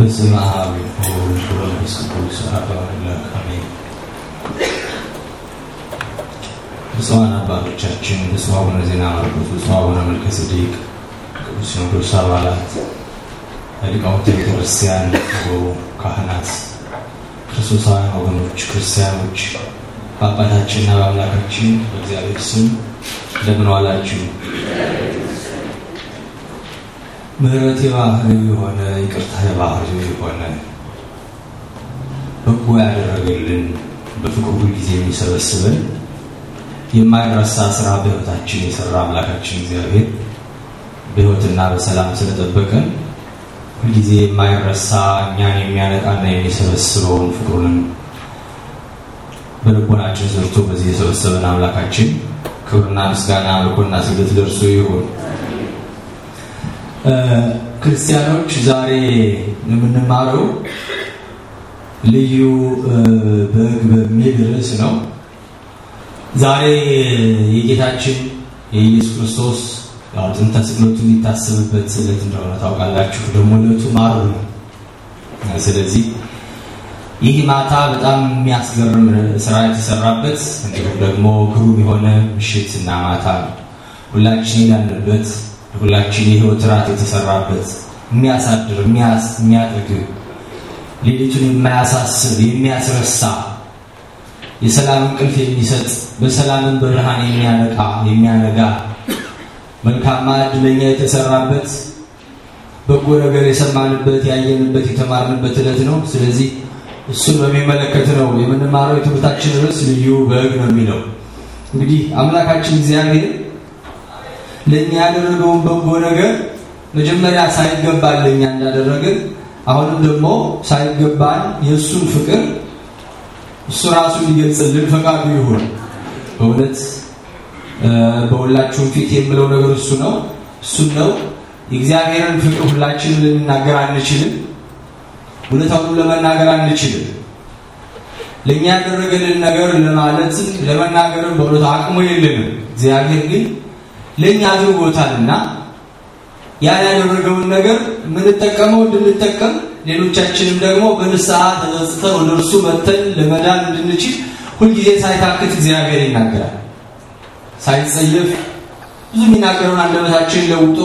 በስመ አብ ወወልድ ወመንፈስ ቅዱስ አሐዱ አምላክ አሜን። ብፁዓን አባቶቻችን ብፁዕ አቡነ ዜና ማርቆስ፣ ብፁዕ አቡነ መልከ ቅዱስ ሲኖዶስ አባላት፣ ሊቃውንተ ቤተክርስቲያን፣ ካህናት፣ ክርስቶሳውያን ወገኖች፣ ክርስቲያኖች በአባታችንና በአምላካችን በእግዚአብሔር ስም እንደምን ዋላችሁ? ምሕረት የባህሪው የሆነ ይቅርታ የባህሪው የሆነ በጎ ያደረገልን በፍቅሩ ጊዜ የሚሰበስበን የማይረሳ ስራ በህይወታችን የሰራ አምላካችን እግዚአብሔር በህይወትና በሰላም ስለጠበቀን ሁልጊዜ የማይረሳ እኛን የሚያነቃና የሚሰበስበውን ፍቅሩንም በልቦናችን ዘርቶ በዚህ የሰበሰበን አምላካችን ክብርና ምስጋና፣ ልኮና ስግደት ደርሶ ይሆን። ክርስቲያኖች ዛሬ የምንማረው ልዩ በግ በሚል ርዕስ ነው። ዛሬ የጌታችን የኢየሱስ ክርስቶስ ያው ጥንተ ስቅለቱ የሚታሰብበት ስለት እንደሆነ ታውቃላችሁ። ደግሞ ለቱ ማሩ ነው። ስለዚህ ይህ ማታ በጣም የሚያስገርም ስራ የተሰራበት እንዲሁም ደግሞ ግሩም የሆነ ምሽት እና ማታ ሁላችን ያለበት ሁላችን የህይወት ራት የተሰራበት የሚያሳድር የሚያጠግብ ሌሊቱን የማያሳስብ የሚያስረሳ የሰላም እንቅልፍ የሚሰጥ በሰላምን ብርሃን የሚያነቃ የሚያነጋ መልካም ማዕድ የተሰራበት በጎ ነገር የሰማንበት ያየንበት የተማርንበት እለት ነው። ስለዚህ እሱን በሚመለከት ነው የምንማረው። የትምህርታችን ርዕስ ልዩ በግ ነው የሚለው እንግዲህ አምላካችን እግዚአብሔር ለእኛ ያደረገውን በጎ ነገር መጀመሪያ ሳይገባን ለእኛ እንዳደረግን አሁንም ደግሞ ሳይገባን የእሱን ፍቅር እሱ ራሱ ሊገልጽልን ፈቃዱ ይሁን። በእውነት በሁላችሁም ፊት የምለው ነገር እሱ ነው፣ እሱ ነው። የእግዚአብሔርን ፍቅር ሁላችን ልንናገር አንችልም። እውነታውንም ለመናገር አንችልም። ለእኛ ያደረገልን ነገር ለማለት ለመናገርም በእውነት አቅሙ የለንም። እግዚአብሔር ግን ለእኛ አድርጎታልና ያ ያደረገውን ነገር የምንጠቀመው እንድንጠቀም ሌሎቻችንም ደግሞ በንስሐ ተጸጽተን ወደ እርሱ መተን ለመዳን እንድንችል ሁልጊዜ ሳይታክት እግዚአብሔር ይናገራል። ሳይጸየፍ ብዙ የሚናገረውን አንደበታችን ለውጦ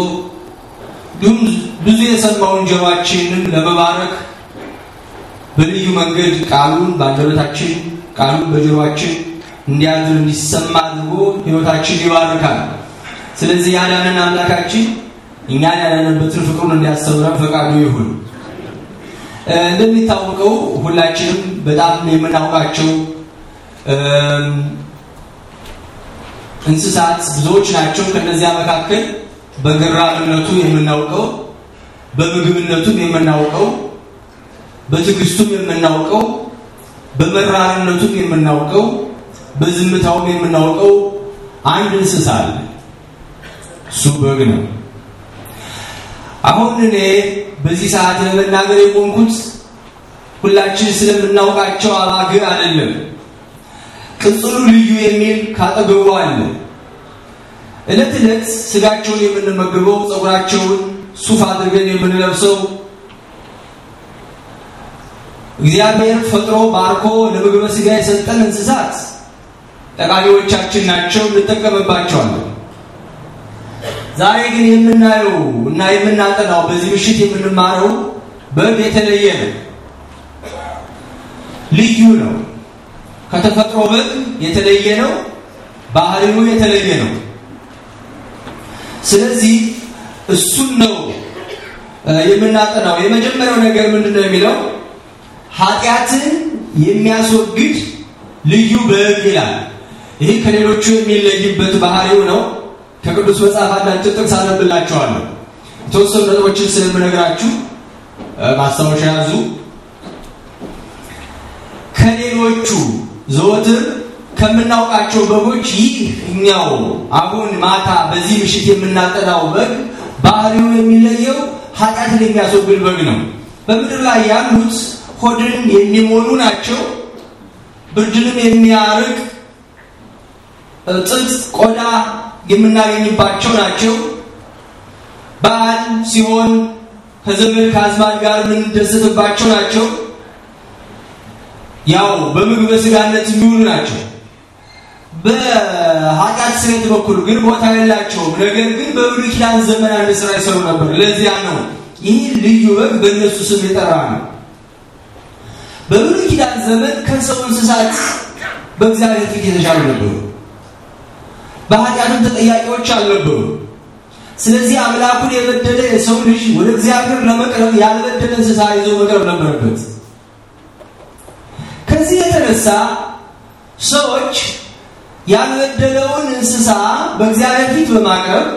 ግን ብዙ የሰማውን ጆሮአችንን ለመባረክ በልዩ መንገድ ቃሉን በአንደበታችን ቃሉን በጆሮአችን እንዲያድር እንዲሰማ አድርጎ ህይወታችን ይባርካል። ስለዚህ ያዳነን አምላካችን እኛን ያዳነበትን ፍቅሩን እንዲያስተምረን ፈቃዱ ይሁን። እንደሚታወቀው ሁላችንም በጣም የምናውቃቸው እንስሳት ብዙዎች ናቸው። ከነዚያ መካከል በግራምነቱ የምናውቀው፣ በምግብነቱም የምናውቀው፣ በትግስቱም የምናውቀው፣ በመራርነቱም የምናውቀው፣ በዝምታውም የምናውቀው አንድ እንስሳ አለ። እሱ በግ ነው። አሁን እኔ በዚህ ሰዓት ለመናገር የቆምኩት ሁላችን ስለምናውቃቸው አባግ አይደለም። ቅጽሉ ልዩ የሚል ካጠገቡ አለ። እለት ዕለት ስጋቸውን የምንመግበው፣ ፀጉራቸውን ሱፍ አድርገን የምንለብሰው እግዚአብሔር ፈጥሮ ባርኮ ለምግበ ስጋ የሰጠን እንስሳት ጠቃሚዎቻችን ናቸው፣ እንጠቀምባቸዋለን። ዛሬ ግን የምናየው እና የምናጠናው በዚህ ምሽት የምንማረው በግ የተለየ ነው፣ ልዩ ነው፣ ከተፈጥሮ በግ የተለየ ነው፣ ባህሪው የተለየ ነው። ስለዚህ እሱን ነው የምናጠናው። የመጀመሪያው ነገር ምንድን ነው የሚለው ኃጢአትን የሚያስወግድ ልዩ በግ ይላል። ይህ ከሌሎቹ የሚለይበት ባህሪው ነው። ከቅዱስ መጽሐፍ አንዳንድ ጥቅስ አነብላችኋለሁ። የተወሰኑ ነጥቦችን ስለምነግራችሁ ማስታወሻ ያዙ። ከሌሎቹ ዘወትር ከምናውቃቸው በጎች ይህኛው አሁን ማታ በዚህ ምሽት የምናጠናው በግ ባህሪው የሚለየው ኃጢአትን የሚያስወግድ በግ ነው። በምድር ላይ ያሉት ሆድን የሚሞሉ ናቸው። ብርድንም የሚያርቅ ጥጥ፣ ቆዳ የምናገኝባቸው ናቸው። በዓል ሲሆን ከዘመድ ከአዝማድ ጋር የምንደሰትባቸው ናቸው። ያው በምግብ ስጋነት የሚውሉ ናቸው። በኃጢአት ስርየት በኩል ግን ቦታ የላቸውም። ነገር ግን በብሉይ ኪዳን ዘመን አንድ ስራ ይሰሩ ነበር። ለዚያ ነው ይህ ልዩ በግ በእነሱ ስም የጠራ ነው። በብሉይ ኪዳን ዘመን ከሰው እንስሳት በእግዚአብሔር ፊት የተሻሉ ነበሩ። በኃጢአቱም ተጠያቂዎች አልነበሩ። ስለዚህ አምላኩን የበደለ የሰው ልጅ ወደ እግዚአብሔር ለመቅረብ ያልበደለ እንስሳ ይዞ መቅረብ ነበረበት። ከዚህ የተነሳ ሰዎች ያልበደለውን እንስሳ በእግዚአብሔር ፊት በማቅረብ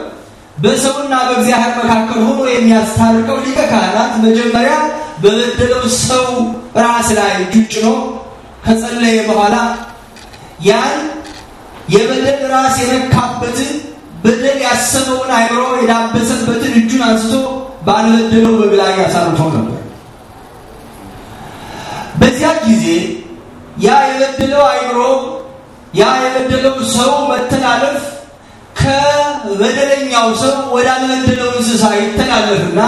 በሰውና በእግዚአብሔር መካከል ሆኖ የሚያስታርቀው ሊቀ ካህናት መጀመሪያ በበደለው ሰው ራስ ላይ እጁ ጭኖ ከጸለየ በኋላ ያን የበደል ራስ የነካበትን በደል ያሰበውን አይምሮ የዳበሰበትን እጁን አንስቶ ባልበደለው በግላይ ያሳርፎ ነበር። በዚያ ጊዜ ያ የበደለው አይምሮ ያ የበደለው ሰው መተላለፍ ከበደለኛው ሰው ወዳልበደለው እንስሳ ይተላለፍና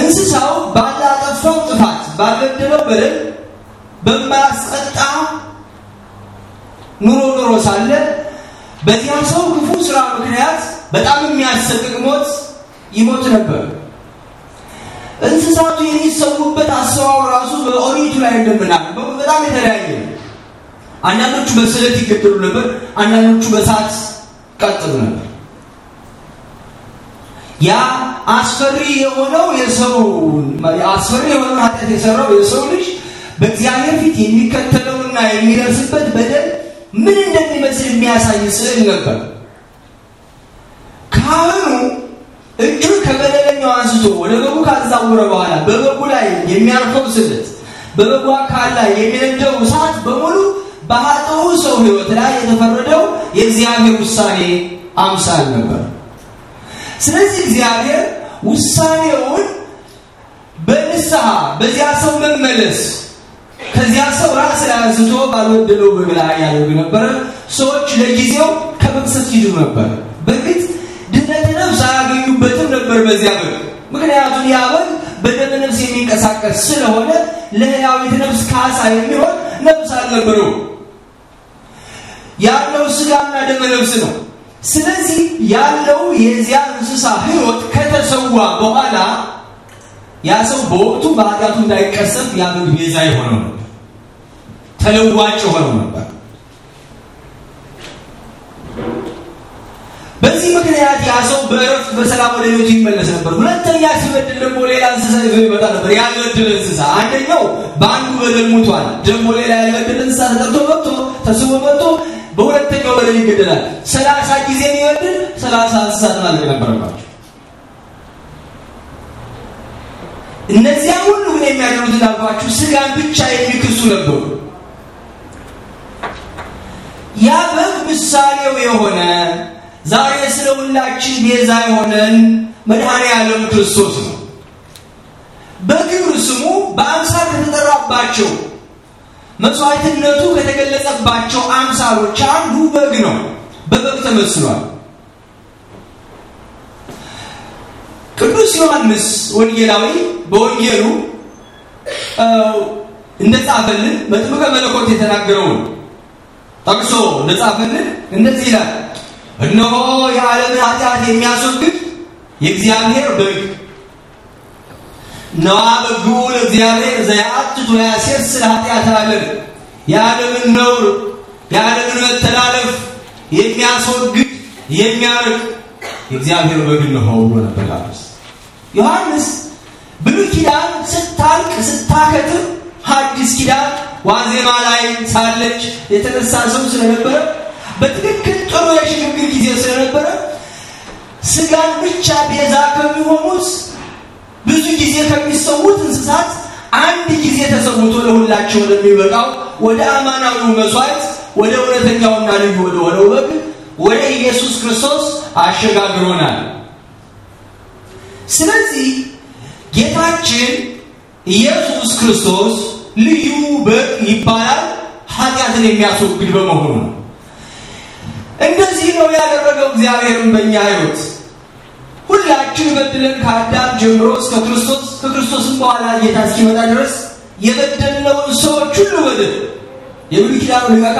እንስሳው ባላጠፋው ጥፋት ባልበደለው በደል በማያስቀጣ ኑሮ ኑሮ ሳለ በዚያም ሰው ክፉ ስራ ምክንያት በጣም የሚያሰቅቅ ሞት ይሞት ነበር። እንስሳቱ የሚሰውበት አሰባው ራሱ በኦሪቱ ላይ እንደምናነበው በጣም የተለያየ ነው። አንዳንዶቹ በስለት ይገደሉ ነበር፣ አንዳንዶቹ በሳት ቀጥሉ ነበር። ያ አስፈሪ የሆነው የሰው አስፈሪ የሆነው ኃጢአት የሰራው የሰው ልጅ በእግዚአብሔር ፊት የሚከተለውና የሚደርስበት በደል ምን እንደሚመስል የሚያሳይ ስዕል ነበር። ካህኑ እጁን ከበደለኛው አንስቶ ወደ በጉ ካዛወረ በኋላ በበጉ ላይ የሚያርፈው ስለት፣ በበጉ አካል ላይ የሚነደው እሳት በሙሉ በኃጥኡ ሰው ህይወት ላይ የተፈረደው የእግዚአብሔር ውሳኔ አምሳል ነበር። ስለዚህ እግዚአብሔር ውሳኔውን በንስሐ በዚያ ሰው መመለስ ከዚያ ሰው ራስ አንስቶ ባልወደደው በግላ ያደርግ ነበረ። ሰዎች ለጊዜው ከመቅሰፍ ይድኑ ነበር። በእርግጥ ድነት ነፍስ አያገኙበትም ነበር በዚያ በግ። ምክንያቱም ያ በግ በደመ ነፍስ የሚንቀሳቀስ ስለሆነ ለሕያዊት ነፍስ ካሳ የሚሆን ነፍስ አልነበረው። ያለው ስጋና ደመ ነፍስ ነው። ስለዚህ ያለው የዚያ እንስሳ ህይወት ከተሰዋ በኋላ ያ ሰው በወቅቱ በኃጢአቱ እንዳይቀሰፍ ያ በግ ቤዛ የሆነው ነበር፣ ተለዋጭ የሆነው ነበር። በዚህ ምክንያት ያ ሰው በእረፍት በሰላም ወደ ህይወቱ ይመለስ ነበር። ሁለተኛ ሲበድል ደግሞ ሌላ እንስሳ ይዞ ይመጣ ነበር። ያልበደለ እንስሳ አንደኛው በአንዱ በደል ሙቷል። ደግሞ ሌላ ያልበደለ እንስሳ ተጠርቶ መጥቶ ተስቦ መጥቶ በሁለተኛው በደል ይገደላል። ሰላሳ ጊዜ የሚበድል ሰላሳ እንስሳ ማለት ነበረባቸው። እነዚያ ሁሉ ግን የሚያደርጉት እንዳልኳችሁ ስጋን ብቻ የሚክሱ ነበሩ። ያ በግ ምሳሌው የሆነ ዛሬ ስለ ሁላችን ቤዛ የሆነን መድኃኔ ዓለም ክርስቶስ ነው። በግብር ስሙ በአምሳል ከተጠራባቸው መስዋዕትነቱ ከተገለጸባቸው አምሳሎች አንዱ በግ ነው። በበግ ተመስሏል። ቅዱስ ዮሐንስ ወንጌላዊ በወንጌሉ እንደጻፈልን መጥምቀ መለኮት የተናገረውን ጠቅሶ እንደጻፈልን እንደዚህ ይላል፣ እነሆ የዓለምን ኃጢአት የሚያስወግድ የእግዚአብሔር በግ ነዋ በጉ ለእግዚአብሔር ዘያአትቱ ያሴር ስለ ኃጢአት ዓለም የዓለምን ነውር የዓለምን መተላለፍ የሚያስወግድ የሚያርግ የእግዚአብሔር በግ ነው ብሎ ነበር ጳውሎስ። ዮሐንስ ብሉይ ኪዳን ስታልቅ ስታከትም ሐዲስ ኪዳን ዋዜማ ላይ ሳለች የተነሳ ሰው ስለነበረ በትክክል ጥሩ የሽግግር ጊዜ ስለነበረ ስጋን ብቻ ቤዛ ከሚሆኑት ብዙ ጊዜ ከሚሰዉት እንስሳት አንድ ጊዜ ተሰውቶ ለሁላቸው ለሚበቃው ወደ አማናዊው መስዋዕት ወደ እውነተኛውና ልዩ ወደ ሆነው በግ ወደ ኢየሱስ ክርስቶስ አሸጋግሮናል። ስለዚህ ጌታችን ኢየሱስ ክርስቶስ ልዩ በግ ይባላል ኃጢአትን የሚያስወግድ በመሆኑ እንደዚህ ነው ያደረገው እግዚአብሔርን በእኛ ሕይወት ሁላችን በድለን ከአዳም ጀምሮ እስከ ክርስቶስ ከክርስቶስም በኋላ ጌታ እስኪመጣ ድረስ የበደልነውን ሰዎች ሁሉ በደል የብሉ ኪዳኑ ሊቀ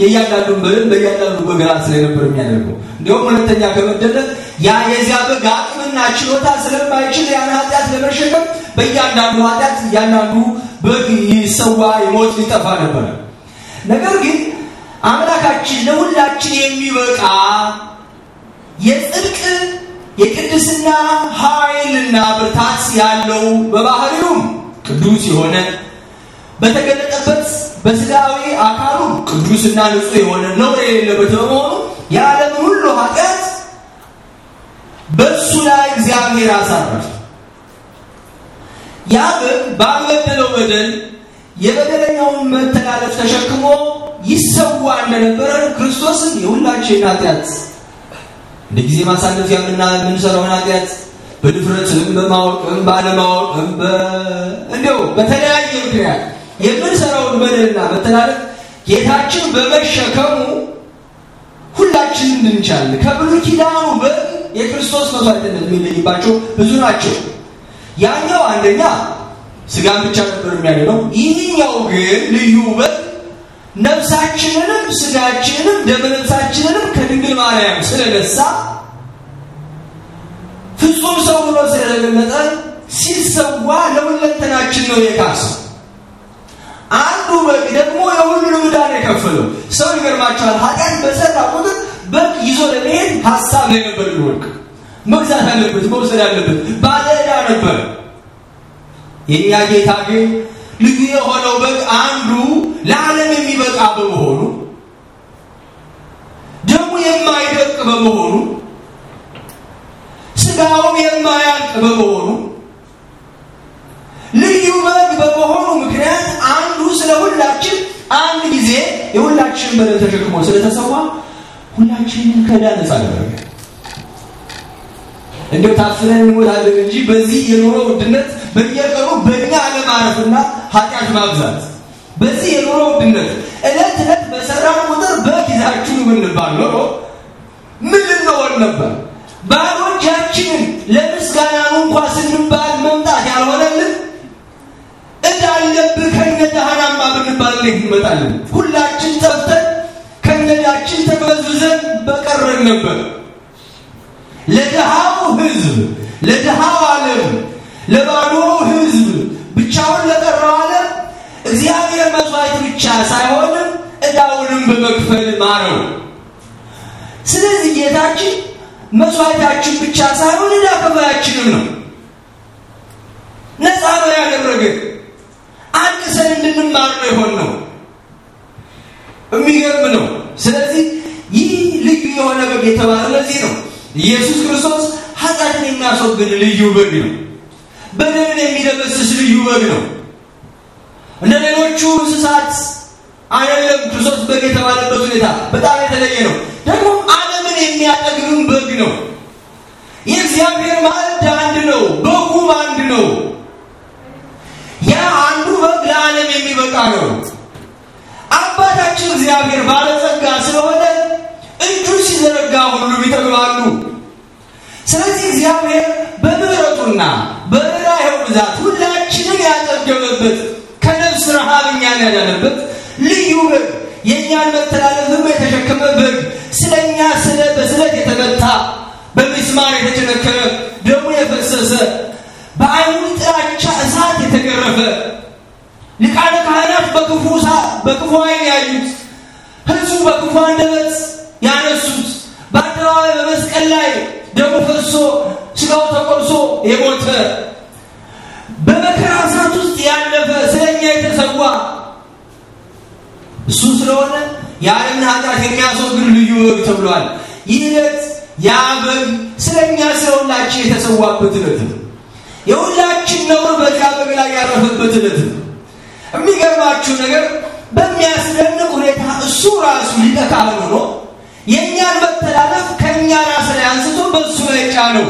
የእያንዳንዱ በግ በእያንዳንዱ በግ ስለነበር የሚያደርጉ የሚያደርገው። እንዲሁም ሁለተኛ ከበደለ ያ የዚያ በግ አቅምና ችሎታ ስለማይችል ያን ኃጢአት ለመሸከም በእያንዳንዱ ኃጢአት እያንዳንዱ በግ ይሰዋ ይሞት ሊጠፋ ነበረ። ነገር ግን አምላካችን ለሁላችን የሚበቃ የጽድቅ የቅድስና ኃይልና ብርታት ያለው በባህሪውም ቅዱስ የሆነ በተገለጠበት በስጋዊ አካሉ ቅዱስና ንጹህ የሆነ ነው የሌለበት በመሆኑ የዓለምን ሁሉ ኃጢአት በእሱ ላይ እግዚአብሔር አሳረፈ ያብም ባልበደለው በደል የበደለኛውን መተላለፍ ተሸክሞ ይሰዋ እንደነበረ ክርስቶስን የሁላችን ኃጢአት እንደ ጊዜ ማሳለፍ ያምና የምንሰራውን ኃጢአት በድፍረትም በማወቅም ባለማወቅም እንዲሁ በተለያየ ምክንያት የምንሰራውን በደልና መተላለፍ ጌታችን በመሸከሙ ሁላችን እንድንቻለን ከብሉ ኪዳኑ በግ የክርስቶስ መስዋዕትነት የሚለይባቸው ብዙ ናቸው። ያኛው አንደኛ ስጋን ብቻ ነበር የሚያገኘው። ይህኛው ግን ልዩ ውበት ነፍሳችንንም ስጋችንንም ደመ ነፍሳችንንም ከድንግል ማርያም ስለነሳ ፍጹም ሰው ብሎ ስለተገለጠ ሲሰዋ ለሁለተናችን ነው የካሰው። አንዱ በግ ደግሞ የሁሉ ዕዳ የከፈለው። ሰው ይገርማቸዋል። ኃጢአት በሰራ ቁጥር በግ ይዞ ለመሄድ ሀሳብ ላይ ነበር መግዛት አለበት፣ መውሰድ አለበት፣ ባለ ዕዳ ነበር። የኛ ጌታ ግን ልዩ የሆነው በግ አንዱ ለዓለም የሚበቃ በመሆኑ ደሙ የማይደቅ በመሆኑ ስጋውም የማያልቅ በመሆኑ የሁላችን በደል ተሸክሞ ስለተሰዋ ሁላችንን ከዕዳ ነፃ አደረገ። እንደው ታፍነን እንሞታለን እንጂ በዚህ የኑሮ ውድነት በየቀኑ በእኛ አለማረፍና ኃጢአት ማብዛት በዚህ የኑሮ ውድነት እለት እለት በሰራን ቁጥር በኪዛችሁ ብንባል ኖሮ ምን ልንሆን ነበር? ባዶቻችንን ለምስጋናኑ እንኳ ስንባል ባለህ እንመጣለን። ሁላችን ጠፍተን ከነዳችን ተበዝብዘን በቀረን ነበር። ለድሃው ህዝብ፣ ለድሃው ዓለም፣ ለባዶ ህዝብ፣ ብቻውን ለቀረው ዓለም እግዚአብሔር መስዋዕት ብቻ ሳይሆንም እዳውንም በመክፈል ማረው። ስለዚህ ጌታችን መስዋዕታችን ብቻ ሳይሆን ዕዳ ከፋያችንም ነው። ነፃ ነው ያደረገ አንድ አድሰን እንድንማር ነው ነው የሚገርም ነው። ስለዚህ ይህ ልዩ የሆነ በግ የተባለ ለዚህ ነው። ኢየሱስ ክርስቶስ ኃጢአትን የሚያስወግድ ልዩ በግ ነው። በደምን የሚደመስስ ልዩ በግ ነው። እንደ ሌሎቹ እንስሳት አይደለም። ክርስቶስ በግ የተባለበት ሁኔታ በጣም የተለየ ነው። ደግሞ አለምን የሚያጠግብም በግ ነው። የእግዚአብሔር ማዕድ አንድ ነው። በጉም አንድ ነው። ያ በግ ለዓለም የሚበቃ ነው። አባታችን እግዚአብሔር ባለጸጋ ስለሆነ እጁ ሲዘረጋ ሁሉም ይጠግባሉ። ስለዚህ እግዚአብሔር በምሕረቱና በርኅራኄው ብዛት ሁላችንም ያጠገበበት ከነፍስ ረሃብ እኛን ያዳነበት ልዩ በግ የእኛን መተላለፍ ሁሉ የተሸከመ በግ ስለ እኛ ስለ በስለት የተመታ በምስማር የተቸነከረ ደግሞ የፈሰሰ በአይኑ ጥላቻ እሳት የተገረፈ ሊቃነ ካህናት በክፉ አይን ያዩት፣ ህዝቡ በክፉ አንደበት ያነሱት፣ በአደባባይ በመስቀል ላይ ደሙ ፈሶ ስጋው ተቆርሶ የሞተ በመከራ እሳት ውስጥ ያለፈ ስለኛ የተሰዋ እሱ ስለሆነ የዓለምን ኃጢአት የሚያስወግድ ልዩ በግ ተብሏል። ይህ ዕለት ያ በግ ስለኛ ስለሁላችን የተሰዋበት ዕለት ነው። የሁላችን ነውር በዚያ በግ ላይ ያረፈበት ዕለት ነው። የሚገርማችሁ ነገር በሚያስደንቅ ሁኔታ እሱ ራሱ ካህን ሆኖ የእኛን መተላለፍ ከእኛ ራስ ላይ አንስቶ በእሱ ላይ ጫነው።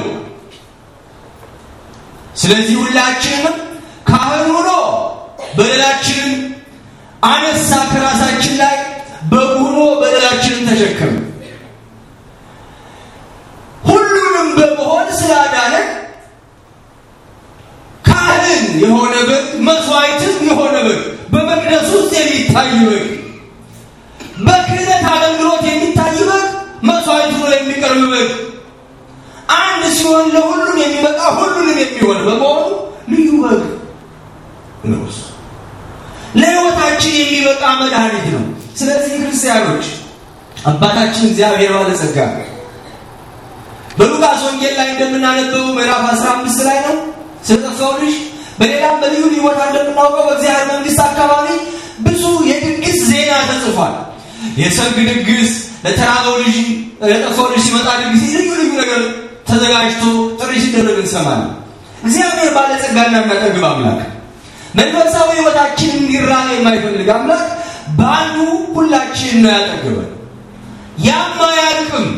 ስለዚህ ሁላችንም ካህን ሆኖ በደላችንን አነሳ ከራሳችን ላይ በጉኖ በደላችንን ተሸከመ። ሁሉንም በመሆን ስላዳነን ካህን የሆነ በግ መስዋዕትም የሆነ በግ በመቅደስ ውስጥ የሚታይ በግ በክህነት አገልግሎት የሚታይ በግ መስዋዕቱ ላይ የሚቀርብ በግ አንድ ሲሆን ለሁሉም የሚበቃ ሁሉንም የሚሆን በመሆኑ ልዩ በግ ነው። ለሕይወታችን የሚበቃ መድኃኒት ነው። ስለዚህ ክርስቲያኖች አባታችን እግዚአብሔር ባለጸጋ በሉቃስ ወንጌል ላይ እንደምናነበው ምዕራፍ 15 ላይ ነው ስለዚህ ሰው ልጅ በሌላም በልዩ ልዩ እንደምናውቀው በእግዚአብሔር መንግስት አካባቢ ብዙ የድግስ ዜና ተጽፏል። የሰርግ ድግስ፣ ለተራበው ልጅ ለጠፋው ልጅ ሲመጣ ድግስ፣ ልዩ ልዩ ነገር ተዘጋጅቶ ጥሪ ሲደረግ እንሰማለን። እግዚአብሔር ባለጸጋና የሚያጠግብ አምላክ፣ መንፈሳዊ ህይወታችን እንዲራ የማይፈልግ አምላክ በአንዱ ሁላችን ነው ያጠግበን። ያማያልቅም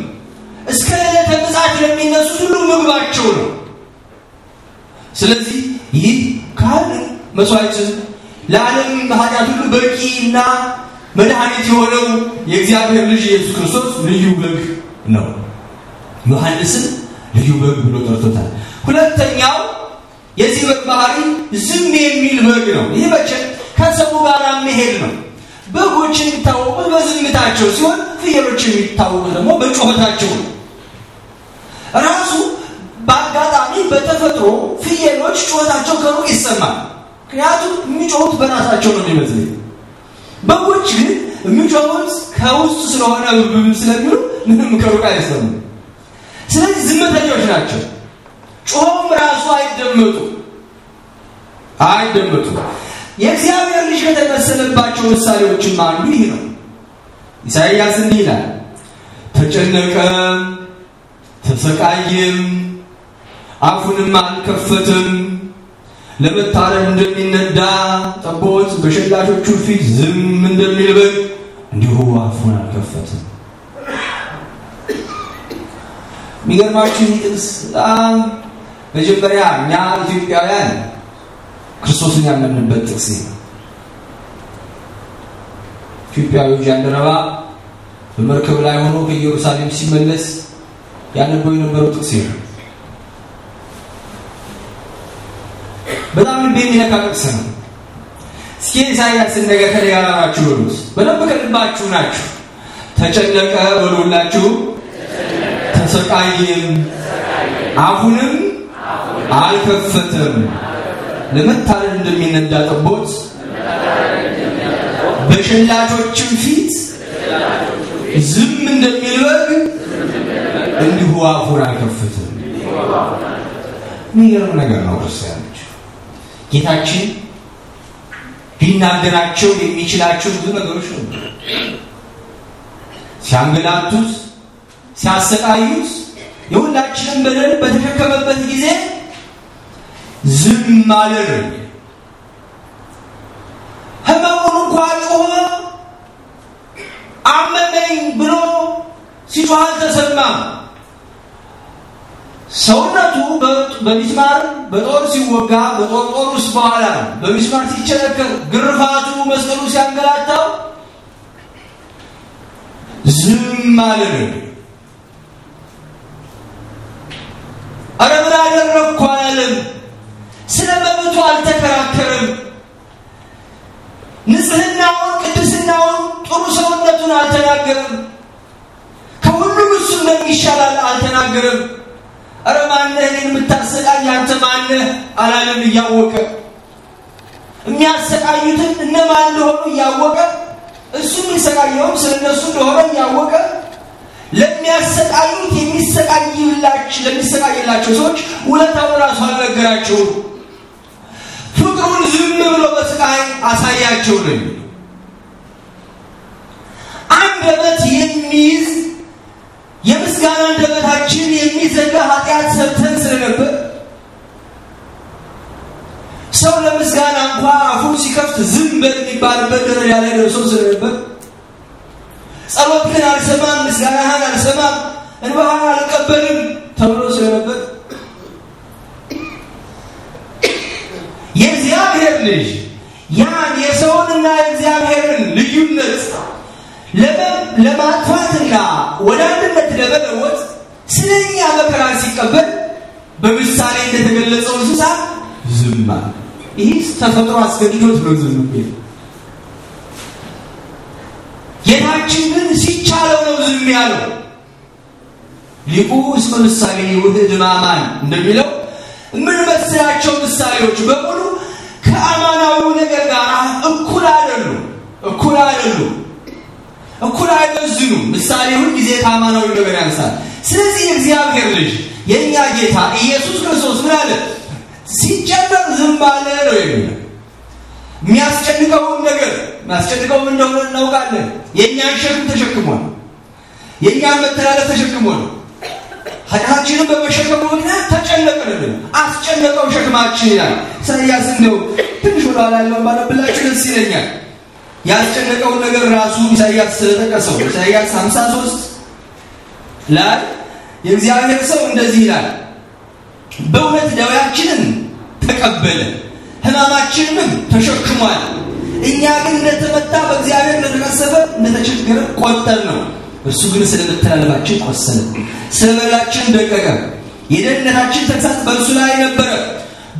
እስከ ዕለተ ለሚነሱት ሁሉ ምግባቸው ነው። ስለዚህ ይህ ካህን መስዋዕትን ለዓለም ኃጢአት ሁሉ በቂና መድኃኒት የሆነው የእግዚአብሔር ልጅ ኢየሱስ ክርስቶስ ልዩ በግ ነው። ዮሐንስን ልዩ በግ ብሎ ጠርቶታል። ሁለተኛው የዚህ በግ ባህሪ ዝም የሚል በግ ነው። ይህ መቼ ከሰቡ ጋር መሄድ ነው። በጎች የሚታወቁት በዝምታቸው ሲሆን፣ ፍየሎች የሚታወቁት ደግሞ በጩኸታቸው ነው። ራሱ በአጋጣሚ በተፈጥሮ ፍየሎች ጩኸታቸው ከሩቅ ይሰማል። ምክንያቱም የሚጮሁት በራሳቸው ነው የሚመስለኝ። በጎች ግን የሚጮሁት ከውስጥ ስለሆነ ብብም ስለሚሉ ምንም ከሩቅ አይሰሙም። ስለዚህ ዝምተኞች ናቸው። ጮም ራሱ አይደመጡ አይደመጡ። የእግዚአብሔር ልጅ ከተመሰለባቸው ምሳሌዎችም አንዱ ይህ ነው። ኢሳይያስ እንዲህ ይላል፣ ተጨነቀም ተሰቃየም አፉንም አልከፈትም። ለመታረድ እንደሚነዳ ጠቦት በሸላቾቹ ፊት ዝም እንደሚል በግ እንዲሁ አፉን አልከፈትም። የሚገርማችሁ ጥቅስ በጣም መጀመሪያ እኛ ኢትዮጵያውያን ክርስቶስን ያመንበት ጥቅስ ኢትዮጵያዊ ጃንደረባ በመርከብ ላይ ሆኖ ከኢየሩሳሌም ሲመለስ ያነበው የነበረው ጥቅስ ነው። በጣም ልብ የሚነካ ጥቅስ ነው። እስኪ ኢሳያስን ነገ ከሌላ ናችሁ በሉት። በደንብ ከልባችሁ ናችሁ። ተጨነቀ በሉላችሁ፣ ተሰቃየም፣ አሁንም አልከፈተም። ለመታረድ እንደሚነዳ ጠቦት በሸላቾችም ፊት ዝም እንደሚልበግ እንዲሁ አፉን አልከፈተም። የሚገርም ነገር ነው ክርስቲያን ጌታችን ሊናገራቸው የሚችላቸው ብዙ ነገሮች ነው። ሲያንገላቱት፣ ሲያሰቃዩት የሁላችንም በደል በተሸከመበት ጊዜ ዝም አለን። ህመሙን እንኳ ጮኸ አመመኝ ብሎ ሲጮህ አልተሰማም። ሰውነቱ በሚስማር በጦር ሲወጋ በጦር ጦር ውስጥ በኋላ ነው። በሚስማር ሲቸነከር ግርፋቱ መስቀሉ ሲያንገላታው ዝም አልን። አረምን ምን አደረግኩ አላለም። ስለ መብቱ አልተከራከርም። ንጽህናውን፣ ቅድስናውን፣ ጥሩ ሰውነቱን አልተናገርም። ከሁሉም እሱ እንደሚሻላል አልተናገርም። አረ ማነህ እኔን የምታሰቃይ አንተ ማነህ አላለም እያወቀ የሚያሰቃዩትን እነማን እንደሆኑ እያወቀ እሱ የሚሰቃየውም ስለ እነሱ እንደሆነ እያወቀ ለሚያሰቃዩት ለሚሰቃይላቸው ሰዎች ውለታውን ራሱ አልነገራቸውም። ፍቅሩን ዝም ብሎ በስቃይ አሳያቸው ነው። አንደበት የሚይዝ የምስጋና አንደበታችን የሚዘጋ ኃጢአት ሰብተን ስለነበር ሰው ለምስጋና እንኳ አፉ ሲከፍት ዝም በል የሚባልበት ደረጃ ላይ ደርሶ ስለነበር ጸሎትህን አልሰማም፣ ምስጋናህን አልሰማም፣ እንባህን አልቀበልም ተብሎ ስለነበር የእግዚአብሔር ልጅ ያን የሰውንና የእግዚአብሔርን ልዩነት ለማጥፋትና ወደ አንድነት ለመለወጥ ስለኛ መከራ ሲቀበል በምሳሌ እንደተገለጸው እንስሳ ዝም አለ። ይህ ተፈጥሮ አስገድዶት ነው ዝም የሚል። ጌታችን ግን ሲቻለው ነው ዝም ያለው። ሊቁ እስመ ምሳሌ ውህድ ማማን እንደሚለው የምንመስላቸው ምሳሌዎች በሙሉ ከአማናዊው ነገር ጋር እኩል አይደሉም፣ እኩል አይደሉም። እኩል አይመዝኑም። ምሳሌ ጊዜ ሁልጊዜ ታማናዊ ነገር ያንሳል። ስለዚህ እግዚአብሔር ልጅ የእኛ ጌታ ኢየሱስ ክርስቶስ ምን አለ? ሲጀመር ዝም ባለ ነው የሚለው። የሚያስጨንቀውን ነገር የሚያስጨንቀውም እንደሆነ እናውቃለን። የእኛን ሸክም ተሸክሟል። የእኛን መተላለፍ ተሸክሟል። ኃጢአታችንን በመሸከሙ ምክንያት ተጨነቀልን፣ አስጨነቀው ሸክማችን ይላል ኢሳይያስ። እንደው ትንሽ ወደኋላ ያለውን ባነብላችሁ ደስ ይለኛል። ያስጨነቀውን ነገር ራሱ ኢሳያስ ስለጠቀሰው ኢሳያስ 53 ላይ የእግዚአብሔር ሰው እንደዚህ ይላል፣ በእውነት ደዌያችንን ተቀበለ ሕማማችንንም ተሸክሟል። እኛ ግን እንደተመታ በእግዚአብሔር እንደተቀሰፈ እንደተቸገረ ቆጠር ነው። እሱ ግን ስለ መተላለፋችን ቆሰለ፣ ስለ በደላችን ደቀቀ። የደህንነታችን ተግሣጽ በእርሱ ላይ ነበረ፣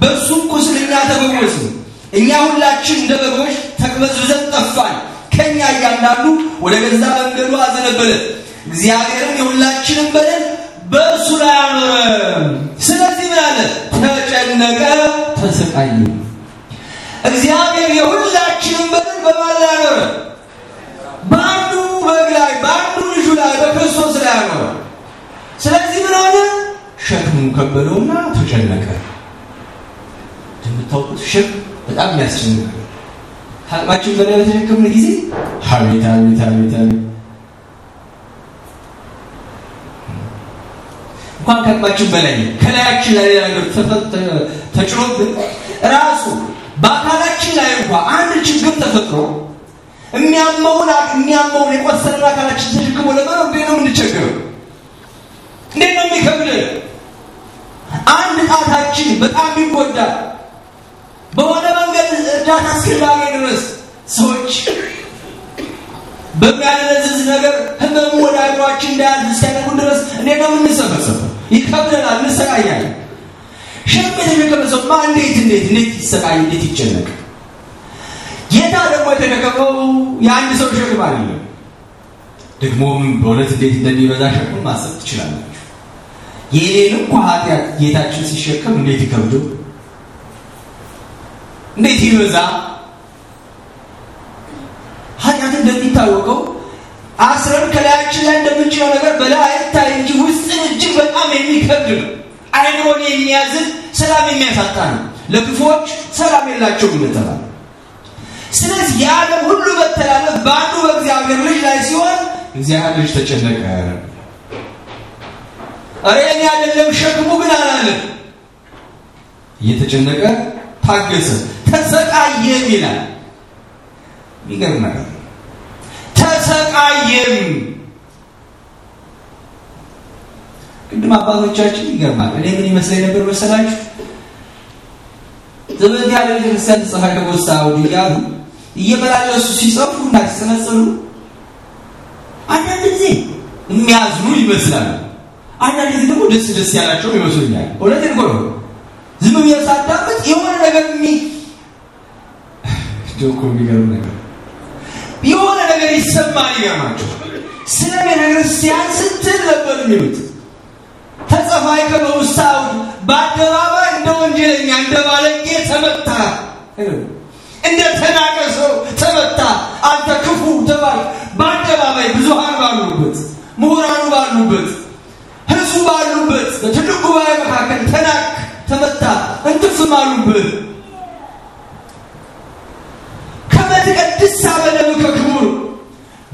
በእርሱም ቁስል እኛ ተፈወስን። እኛ ሁላችን እንደ በጎች ተቅበዝብዘን ጠፋን። ከእኛ እያንዳንዱ ወደ ገዛ መንገዱ አዘነበለ። እግዚአብሔርም የሁላችንን በደል በእርሱ ላይ አኖረ። ስለዚህ ምን አለ? ተጨነቀ፣ ተሰቃየ። እግዚአብሔር የሁላችንን በደል በማን ላይ አኖረ? በአንዱ በግ ላይ፣ በአንዱ ልጁ ላይ፣ በክርስቶስ ላይ አኖረ። ስለዚህ ምን አለ? ሸክሙን ከበደውና ተጨነቀ። እንደምታውቁት ሸክም በጣም የሚያስጨንቅ አቅማችን በላይ በተሸከምን ጊዜ አቤት አቤት አቤት እንኳን ከአቅማችን በላይ ከላያችን ላይ ሌላ ነገር ተጭኖብን ራሱ በአካላችን ላይ እንኳ አንድ ችግር ተፈጥሮ የሚያመውን የሚያመውን የቆሰለን አካላችን ተሸክሞ ለመኖር እንዴት ነው የምንቸግረው? እንዴት ነው የሚከብድ? አንድ ጣታችን በጣም ይጎዳል። በሆነ መንገድ እርዳታ እስክናገኝ ድረስ ሰዎች በሚያደነዝዝ ነገር ህመሙ ወደ አይሯችን እንዳያዝ እስኪያደጉ ድረስ እኔ ነው የምንሰበሰበ ይከብደናል፣ እንሰቃያለን። ሸምት ማ እንዴት እንዴት እንዴት ይሰቃይ፣ እንዴት ይጨነቅ። ጌታ ደግሞ የተሸከመው የአንድ ሰው ሸክም አይደለም። ደግሞም በእውነት እንዴት እንደሚበዛ ሸክም ማሰብ ትችላላችሁ። የሌንም እኮ ኃጢአት ጌታችን ሲሸከም እንዴት ይከብደው እንዴት ይበዛ ኃጢአት እንደሚታወቀው አስረን ከላያችን ላይ እንደምንችለው ነገር በላይ አይታይ እንጂ ውስጥን እጅግ በጣም የሚከብድ ነው። አይምሮን የሚያዝን ሰላም የሚያሳጣ ነው። ለክፎች ሰላም የላቸውም ይመተባል። ስለዚህ የዓለም ሁሉ መተላለፍ በአንዱ በእግዚአብሔር ልጅ ላይ ሲሆን እግዚአብሔር ልጅ ተጨነቀ። እኔ አይደለም ሸክሙ ግን አላለም እየተጨነቀ ታገሰ፣ ተሰቃየም ይላል። ይገርማል። ተሰቃየም ቅድም አባቶቻችን ይገርማል። እኔ ምን ይመስለኝ ነበር መሰላችሁ? ዘመድ ያለ ቤተክርስቲያን ተጽፋ ከቦሳ ወዲ እያሉ እየመላለሱ ሲጽፉ እና ሲሰነጽሉ አንዳንድ ጊዜ የሚያዝኑ ይመስላሉ። አንዳንድ ጊዜ ደግሞ ደስ ደስ ያላቸው ይመስሉኛል። እውነት ነው። ዝም ብዬ ሳዳምጥ የሆነ ነገር የሚ ጆኮ የሚገሩ ነገር የሆነ ነገር ይሰማል። ይገርማቸው ስለ ቤተ ክርስቲያን ስትል ነበር የሚሉት ተጸፋይ ከበውሳው በአደባባይ እንደ ወንጀለኛ እንደ ባለጌ ተመታ፣ እንደ ተናቀ ሰው ተመታ። አንተ ክፉ ተባል በአደባባይ ብዙሃን ባሉበት፣ ምሁራኑ ባሉበት፣ ህዝቡ ባሉበት በትልቅ ጉባኤ መካከል ተናቀ ተመታ፣ እንቅልፍም አሉብህ። ከመትቀድስ በደምከ ክቡር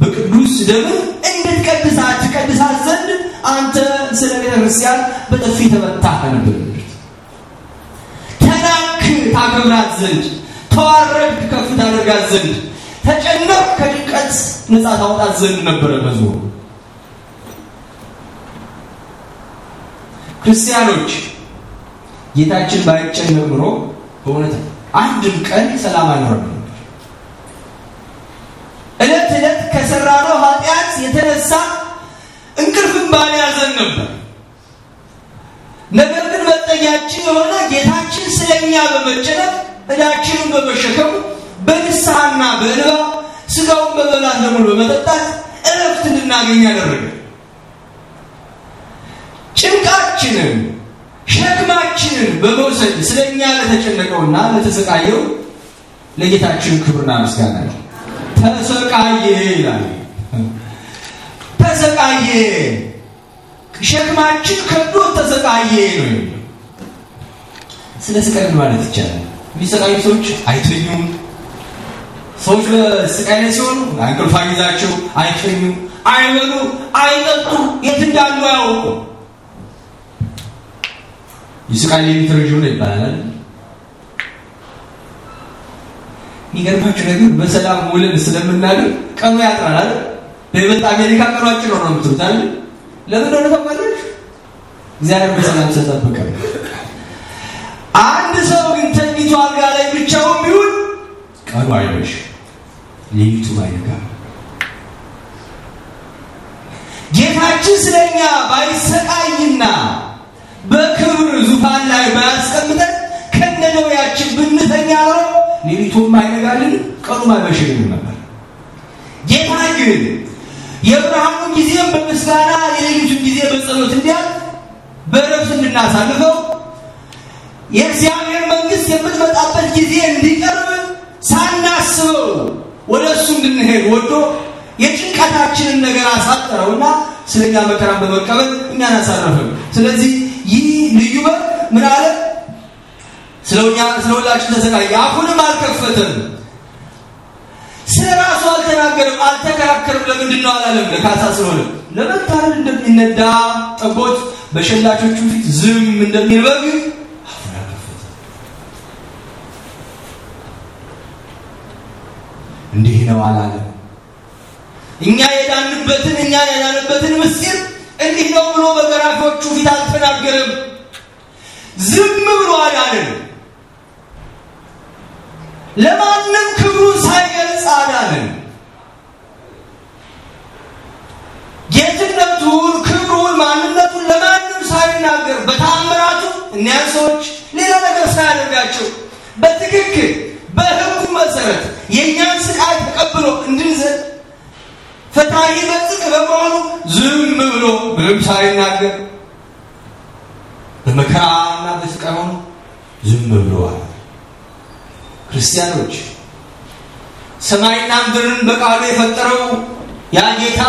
በቅዱስ ደምህ እንድትቀድሳት ትቀድሳት ዘንድ አንተ ስለ ቤተ ክርስቲያን በጥፊ ተመታ ነበር። ተናክ ታከብራት ዘንድ ተዋረድ ከፍ ታደርጋት ዘንድ ተጨነቅ ከድቀት ነፃ ታወጣት ዘንድ ነበረ መዝሙሩ። ክርስቲያኖች ጌታችን ባይጨነቅ ኑሮ በእውነት አንድም ቀን ሰላም አይኖርም። እለት እለት ከሰራነው ኃጢአት የተነሳ እንቅልፍም ባልያዘን ነበር። ነገር ግን መጠጊያችን የሆነ ጌታችን ስለኛ በመጨነቅ እዳችንን በመሸከሙ በንስሐና በእንባ ስጋውን በመላት ደሙን በመጠጣት እረፍት እንድናገኝ ያደረገ ጭንቃችንን ሸክማችንን በመውሰድ ስለ እኛ ለተጨነቀውና ለተሰቃየው ለጌታችን ክብርና ምስጋና ነው። ተሰቃየ ይላል። ተሰቃየ ሸክማችን ከዶ ተሰቃየ ነው። ስለ ስቃይ ማለት ይቻላል። የሚሰቃዩ ሰዎች አይተኙም። ሰዎች በስቃይ ላይ ሲሆኑ አንቅልፋ ይዛቸው አይተኙም፣ አይበሉ፣ አይጠጡ፣ የት እንዳሉ አያውቁም። ይስቃል ሌሊት ይባላል። ይገርማችሁ ነገር በሰላም ውለን ስለምናገር ቀኑ ያጥራል አይደል? በይበልጥ አሜሪካ ቀኑ ነው ነው የምትሉት አይደል? ለምን እንደሆነ ታውቃላችሁ? እግዚአብሔር በሰላም ስለጠበቀ። አንድ ሰው ግን ተኝቶ አልጋ ላይ ብቻውን ቢሆን ቀኑ አይመሽ፣ ሌሊቱ አይነጋ። ጌታችን ስለኛ ባይሰቃይና በክብር ላይ ባያስቀምጠን ከነነውያችን ብንተኛ ኖሮ ሌሊቱም አይነጋልን ቀኑም አይመሽልን ነበር። ጌታ ግን የብርሃኑ ጊዜም በምስጋና የሌሊቱን ጊዜ በጸሎት እንዲያል በእረፍት እንድናሳልፈው የእግዚአብሔር መንግስት የምትመጣበት ጊዜ እንዲቀርብ ሳናስበው ወደ እሱ እንድንሄድ ወዶ የጭንቀታችንን ነገር አሳጠረውና ስለኛ መከራን በመቀበል እኛን አሳረፈን። ስለዚህ ይህ ልዩ በር ምን አለ? ስለኛ ስለሁላችን ተሰቃየ። አፉንም አልከፈተም፣ ስለ ራሱ አልተናገርም፣ አልተከራከርም። ለምንድን ነው አላለም? ለካሳ ስለሆነ ለመታረድ እንደሚነዳ ጠቦት በሸላቾቹ ፊት ዝም እንደሚርበብ እንዲህ ነው አላለም። እኛ የዳንበትን እኛ የዳንበትን ምስጢር እንዲህ ነው ብሎ በገራፊዎቹ ፊት አልተናገርም። ዝም ብሎ አዳንን። ለማንም ክብሩን ሳይገልጽ አዳንን። ጌትነቱን፣ ክብሩን፣ ማንነቱን ለማንም ሳይናገር በታምራቱ እኒያን ሰዎች ሌላ ነገር ሳያደርጋቸው በትክክል በህጉ መሰረት የእኛን ስቃይ ተቀብሎ እንድንዘል ፈጣሪ በጽድቅ በመሆኑ ዝም ብሎ ምንም ሳይናገር በመከራና በስቃይ ዝም ብለዋል። ክርስቲያኖች ሰማይና ምድርን በቃሉ የፈጠረው ያ ጌታ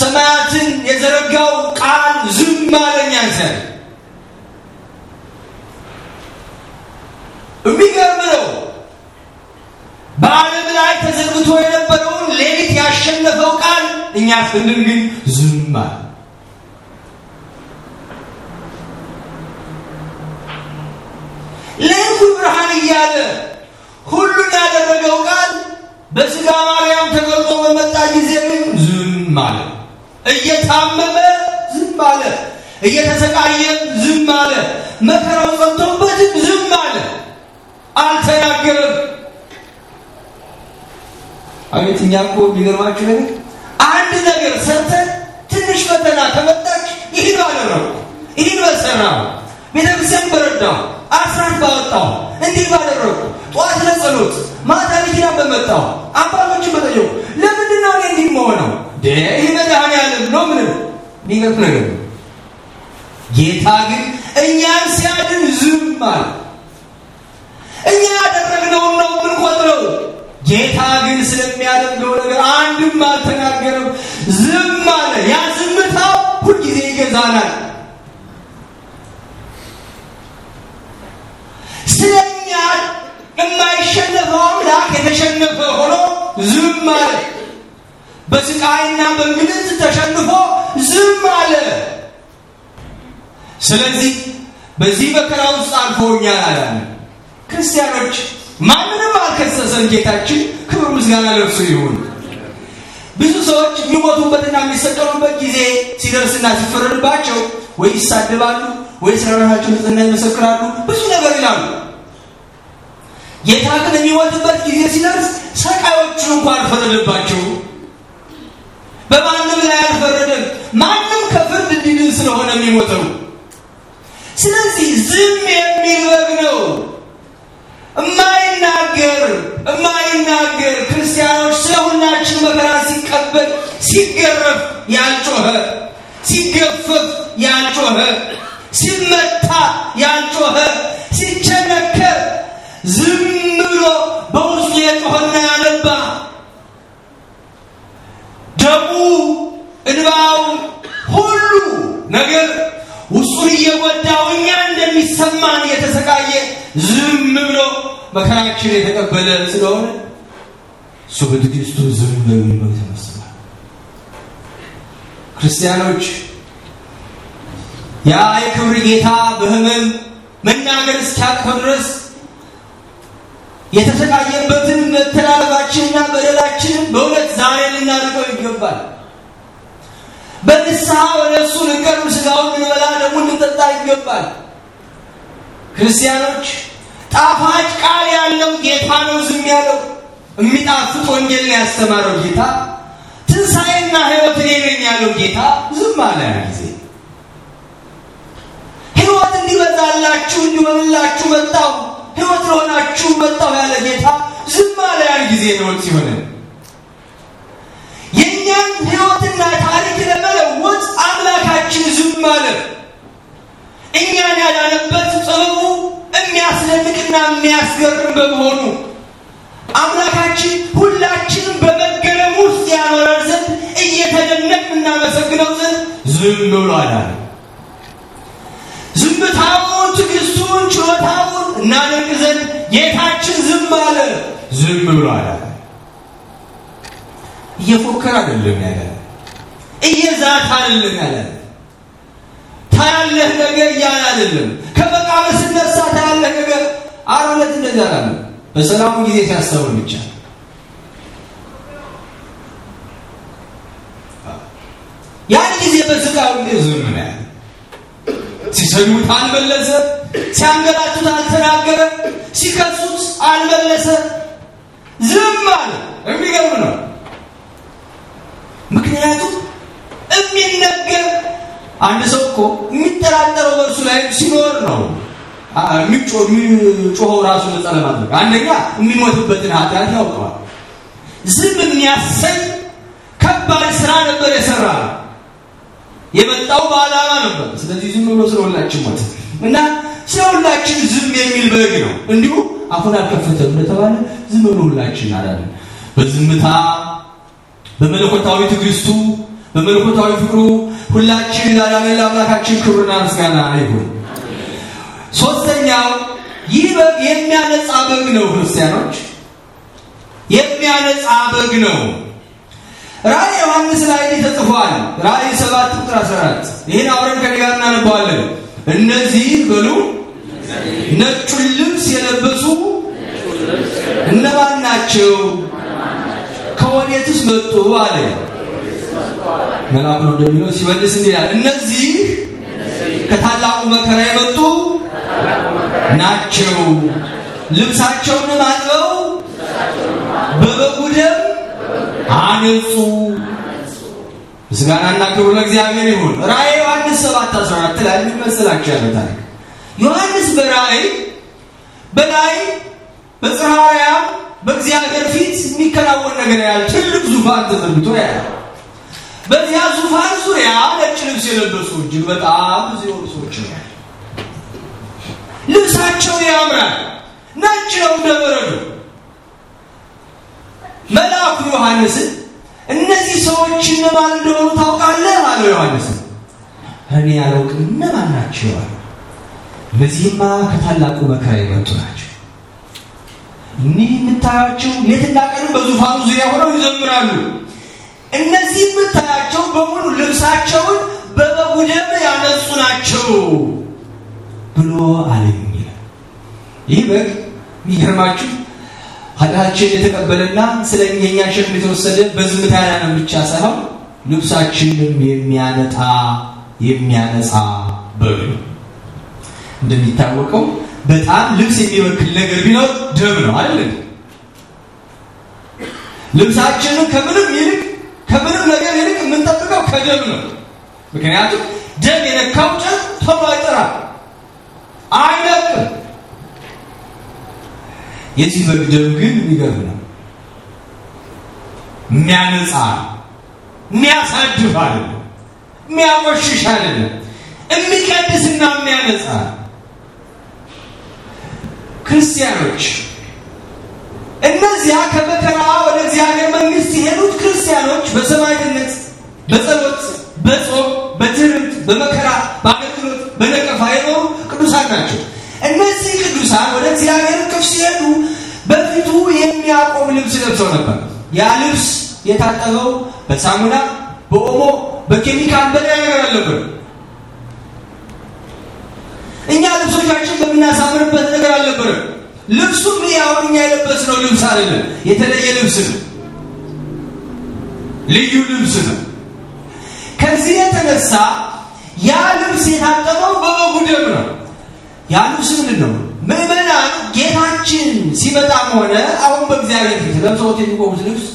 ሰማያትን የዘረጋው ቃል ዝም አለኝ አንተ። የሚገርም ነው። በዓለም ላይ ተዘርግቶ የነበረውን ሌሊት ያሸነፈው ቃል እኛ ፍንድን ግን ዝም አለ። ለሕዝቡ ብርሃን እያለ ሁሉን ያደረገው ቃል በስጋ ማርያም ተገልጦ በመጣ ጊዜ ግን ዝም አለ። እየታመመ ዝም አለ። እየተሰቃየም ዝም አለ። መከራው ጸንቶበትም ዝም አለ። አልተናገረም። አቤት እኛ እኮ የሚገርማችሁ ነ አንድ ነገር ሰርተን ትንሽ ፈተና ከመጣች ይህን አደረጉ ይህን በሰራ ቤተክርስቲያን በረዳሁ አስራት ባወጣው እንዲህ ባደረጉ ጠዋት ለጸሎት ማታ መኪና በመጣው አባቶችን በጠየቁ ለምንድን ነው እኔ እንዲህ መሆነው? ይህ መድኃኔዓለም ነው ምን ሚገርም ነገር ነው። ጌታ ግን እኛን ሲያድን ዝም አለ። እኛ ያደረግነውን ነው ምን ቆጥረው ጌታ ግን ስለሚያደርገው ነገር አንድም አልተናገረም፣ ዝም አለ። ያ ዝምታ ሁልጊዜ ይገዛናል። የማይሸነፈው አምላክ የተሸነፈ ሆኖ ዝም አለ። በስቃይና በምልት ተሸንፎ ዝም አለ። ስለዚህ በዚህ መከራ ውስጥ አልፎኛል አላለ። ክርስቲያኖች ማንንም አልከሰሰን። ጌታችን ክብር ምስጋና ለእርሱ ይሁን። ብዙ ሰዎች የሚሞቱበትና የሚሰቀሉበት ጊዜ ሲደርስና ሲፈረድባቸው ወይ ይሳደባሉ፣ ወይ ስለ ራሳቸው ንጽህና ይመሰክራሉ፣ ብዙ ነገር ይላሉ። ጌታ ግን የሚወጥበት ጊዜ ሲደርስ ሰቃዮቹ እንኳ አልፈረደባቸው። በማንም ላይ አልፈረደም። ማንም ከፍርድ እንዲድን ስለሆነ የሚሞተው። ስለዚህ ዝም የሚል በግ ነው። እማይናገር እማይናገር ክርስቲያኖች ስለ ሁላችን መከራ ሲቀበል ሲገረፍ ያልጮኸ፣ ሲገፈፍ ያልጮኸ፣ ሲመታ ያልጮኸ፣ ሲቸነከር ዝም ብሎ በውስጡ የጮኸና ያነባ ደሙ እንባው ሁሉ ነገር ውስጡን እየጎዳው እኛ እንደሚሰማን የተሰቃየ ዝም ብሎ መከራችን የተቀበለ ስለሆነ እሱ በትዕግስቱ ዝም በሚለው ተመስሏል። ክርስቲያኖች ያ የክብር ጌታ በህመም መናገር እስኪያቅፈው ድረስ የተሰቃየበትን መተላለፋችንና በደላችንን በእውነት ዛሬ ልናደርገው ይገባል። በንስሐ ወደ እሱ ስጋውን ልንበላ ደግሞ ልንጠጣ ይገባል። ክርስቲያኖች ጣፋጭ ቃል ያለው ጌታ ነው ዝም ያለው። የሚጣፍጥ ወንጌልን ያስተማረው ጌታ ትንሣኤና ህይወት እኔ ያለው ጌታ ዝም አለ። ያ ጊዜ ሕይወት እንዲበዛላችሁ እንዲሆንላችሁ መጣው! ህይወት ለሆናችሁ መጣሁ ያለ ጌታ ዝም አለ። ያን ጊዜ ነው ሲሆን የእኛን ህይወትና ታሪክ ለመለወጥ አምላካችን ዝም አለ። እኛን ያዳነበት ጥበቡ የሚያስደንቅና የሚያስገርም በመሆኑ አምላካችን ሁላችንም በመገረም ውስጥ ያኖረን ዘንድ እየተደነቅ እናመሰግነው ዘንድ ዝም ብሎ አላለም። ዝምታውን፣ ትዕግስቱን፣ ችሎታውን እናደርግ ዘንድ ጌታችን ዝም አለ። ዝም ብሎ አለ እየፎከር አይደለም ያለ፣ እየዛት አይደለም ያለ፣ ታያለህ ነገር እያለ አይደለም። ከመቃብር ስነሳ ታያለህ ነገር አሮነት እንደዚህ አላለም። በሰላሙ ጊዜ ሲያሰብን ብቻ ያን ጊዜ በስጋው ዝም ነው ያለ ሲሰድቡት አልመለሰ፣ ሲያንገላቱት አልተናገረ፣ ሲከሱት አልመለሰ፣ ዝም አለ። የሚገርም ነው። ምክንያቱም የሚነገር አንድ ሰው እኮ የሚጠራጠረው በእርሱ ላይ ሲኖር ነው የሚጮኸው ራሱ ለጸለማት አንደኛ የሚሞትበትን ኃጢአት ያውቀዋል። ዝም የሚያሰኝ ከባድ ስራ ነበር የሰራ ነው። የመጣው በአላማ ነበር። ስለዚህ ዝም ብሎ ስለሁላችን ሞት እና ስለሁላችን ዝም የሚል በግ ነው። እንዲሁ አፉን አልከፈተም እንደተባለ ዝም ብሎ ሁላችን አላለን። በዝምታ በመለኮታዊ ትዕግስቱ በመለኮታዊ ፍቅሩ ሁላችን ላዳነን ለአምላካችን ክብርና ምስጋና ይሁን። ሶስተኛው ይህ በግ የሚያነጻ በግ ነው። ክርስቲያኖች የሚያነጻ በግ ነው። ራእይ ዮሐንስ ላይ ተጽፏል። ራእይ 7 ቁጥር 14 ይህን አብረን ከኔ ጋር እናነባዋለን። እነዚህ በሉ ነጩን ልብስ የለበሱ እነማን ናቸው? ከወዴትስ መጡ? አለ መልአክ ነው ደብሎ ሲመልስ እንዲህ ይላል፣ እነዚህ ከታላቁ መከራ የመጡ ናቸው። ልብሳቸውን አጥበው በበጉ ደም አነጹ። ምስጋናና ክብር ለእግዚአብሔር ይሁን። ራእይ ዮሐንስ 7:14 ላይ ምን መሰላችሁ ያለው ታሪክ ዮሐንስ በራእይ በላይ በጽራያ በእግዚአብሔር ፊት የሚከናወን ነገር ያለ ትልቅ ዙፋን ተዘርግቶ ያለ በዚያ ዙፋን ዙሪያ ነጭ ልብስ የለበሱ እጅግ በጣም ብዙ የሆኑ ሰዎች ነው። ልብሳቸው ያምራል፣ ነጭ ነው እንደበረዶ መልአኩ ዮሐንስን እነዚህ ሰዎች እነማን እንደሆኑ ታውቃለህ አለው። ዮሐንስ እኔ አላውቅም እነማን ናቸው አለ። እነዚህማ ከታላቁ መከራ የመጡ ናቸው። እኒህ የምታያቸው ሌትና ቀን በዙፋኑ ዙሪያ ሆነው ይዘምራሉ። እነዚህ የምታያቸው በሙሉ ልብሳቸውን በበጉ ደም ያነጹ ናቸው ብሎ አለኝ ይላል። ይህ በግ የሚገርማችሁ ኃጢአታችን የተቀበለና ስለ የእኛን ሸክም የተወሰደ በዝምታ ያዳነን ብቻ ሳይሆን ልብሳችንም የሚያነጣ የሚያነጻ በግ ነው። እንደሚታወቀው በጣም ልብስ የሚበክል ነገር ቢኖር ደም ነው አይደል? ልብሳችን ከምንም ይልቅ ከምንም ነገር ይልቅ የምንጠብቀው ከደም ነው። ምክንያቱም ደም የነካው ጨርቅ ቶሎ አይጠራም፣ አይለቅም። የዚህ መግደሉ ግን ይገርማል። የሚያነጻ የሚያሳድፍ አይደለም፣ የሚያቆሽሽ አይደለም፣ የሚቀድስና የሚያነጻ ክርስቲያኖች እነዚያ ከመከራ ወደ እግዚአብሔር መንግስት የሄዱት ክርስቲያኖች በሰማዕትነት፣ በጸሎት፣ በጾም፣ በትርምት፣ በመከራ፣ በአገልግሎት፣ በነቀፋ የኖሩ ቅዱሳን ናቸው። እነዚህ ቅዱሳን ወደ እግዚአብሔር እቅፍ ሲሄዱ በፊቱ የሚያቆም ልብስ ለብሰው ነበር። ያ ልብስ የታጠበው በሳሙና በኦሞ በኬሚካል በላይ ነገር አለብን። እኛ ልብሶቻችን በምናሳምርበት ነገር አልነበረም። ልብሱም አሁን እኛ ነው ልብስ አይደለም፣ የተለየ ልብስ ነው፣ ልዩ ልብስ ነው። ከዚህ የተነሳ ያ ልብስ የታጠበው በበጉ ደም ነው። ያ ልብስ ምንድን ነው? ምዕመናን ጌታችን ሲመጣም ሆነ አሁን በእግዚአብሔር ፊት ለብሰውት የሚቆሙት ልብስ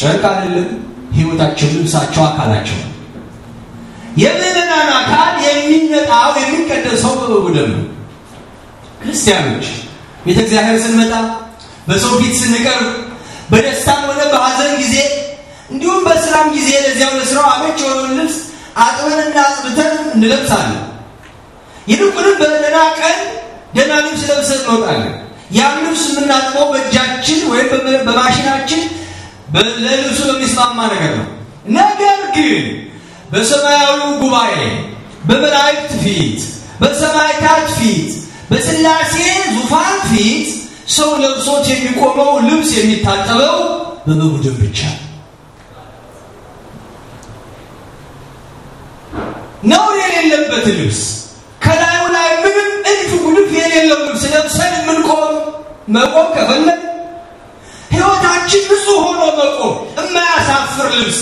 ጨርቅ አይደለም። ህይወታቸው፣ ልብሳቸው፣ አካላቸው የምዕመናን አካል የሚመጣው የሚቀደሰው በደሙ ነው። ክርስቲያኖች ቤተ እግዚአብሔር ስንመጣ በሰው ፊት ስንቀርብ በደስታም ሆነ በሐዘን ጊዜ እንዲሁም በስራም ጊዜ ለዚያው ለስራው አመች የሆነውን ልብስ አጥበንና አጥብተን እንለብሳለን። ይልቁንም በዕለላ ቀን ደህና ልብስ ለብሰን እንወጣለን። ያም ልብስ የምናጥበው በእጃችን ወይም በማሽናችን ለልብሱ በሚስማማ ነገር ነው። ነገር ግን በሰማያዊ ጉባኤ፣ በመላእክት ፊት፣ በሰማይታት ፊት፣ በስላሴ ዙፋን ፊት ሰው ለብሶት የሚቆመው ልብስ የሚታጠበው በበጉ ብቻ ነውር የሌለበት ልብስ ከላዩ ላይ ምንም እድፍ ጉልፍ የሌለው ልብስ ለብሰን የምንቆም መቆም ከፈለግ ህይወታችን ንጹህ ሆኖ መቆም የማያሳፍር ልብስ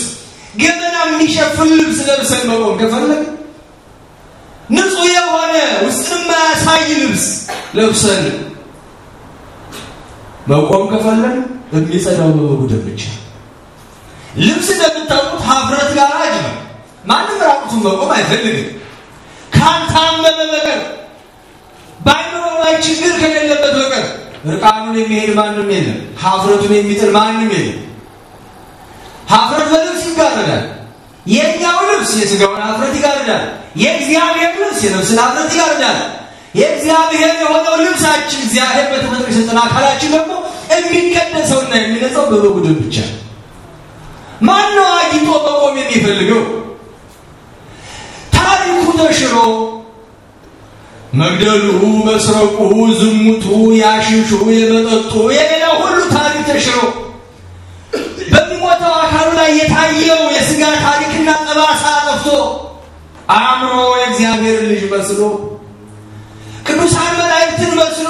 ገበና የሚሸፍን ልብስ ለብሰን መቆም ከፈለግ ንጹህ የሆነ ውስጥ የማያሳይ ልብስ ለብሰን መቆም ከፈለግ የሚጸዳው በበጉ ብቻ ልብስ እንደምታውቁት ሀፍረት አጅ ነው። ማንም ራቁቱን መቆም አይፈልግም። ካልታመመ በቀር በአይምሮ ላይ ችግር ከሌለበት በቀር እርቃኑን የሚሄድ ማንም የለም። ሀፍረቱን የሚጥል ማንም የለም። ሀፍረት በልብስ ይጋረዳል። የእኛው ልብስ የስጋውን ሀፍረት ይጋርዳል። የእግዚአብሔር ልብስ የነፍስን ሀፍረት ይጋርዳል። የእግዚአብሔር የሆነው ልብሳችን እግዚአብሔር በተፈጥሮ የሰጠን አካላችን ደግሞ የሚቀደሰውና የሚነጻው በበጉ ደም ብቻ። ማን ነው አጊጦ መቆም የሚፈልገው? ባይኩ ተሽሮ መግደሉ መስረቁ፣ ዝሙቱ፣ ያሽሹ፣ የመጠጡ የሌላ ሁሉ ታሪክ ተሽሮ በሚሞተው አካሉ ላይ የታየው የስጋ ታሪክና ጠባሳ ጠፍቶ አእምሮ የእግዚአብሔር ልጅ መስሎ ቅዱሳን መላእክትን መስሎ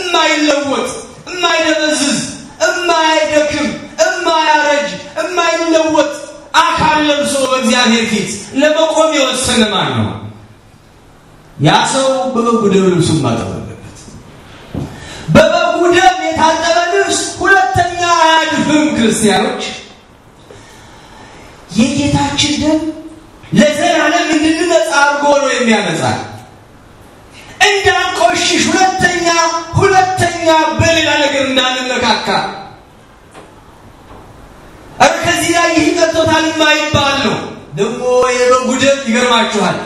እማይለወጥ እማይደበዝዝ፣ እማይደክም፣ እማያረጅ፣ እማይለወጥ አካል ለብሶ በእግዚአብሔር ፊት ለመቆም የወሰነ ማን ነው? ያ ሰው በበጉ ደም ልብሱን ማጠብ አለበት። በበጉ ደም የታጠበ ልብስ ሁለተኛ አያድፍም። ክርስቲያኖች የጌታችን ደም ለዘላለም እንድንነጻ አድርጎ ነው የሚያነጻ እንዳንቆሽሽ ሁለተኛ ሁለተኛ በሌላ ነገር እንዳንነካካ አረ ከዚህ ላይ ይህ ቀርቶታል ማይባል ነው። ደግሞ የበጉ ደም ይገርማችኋል።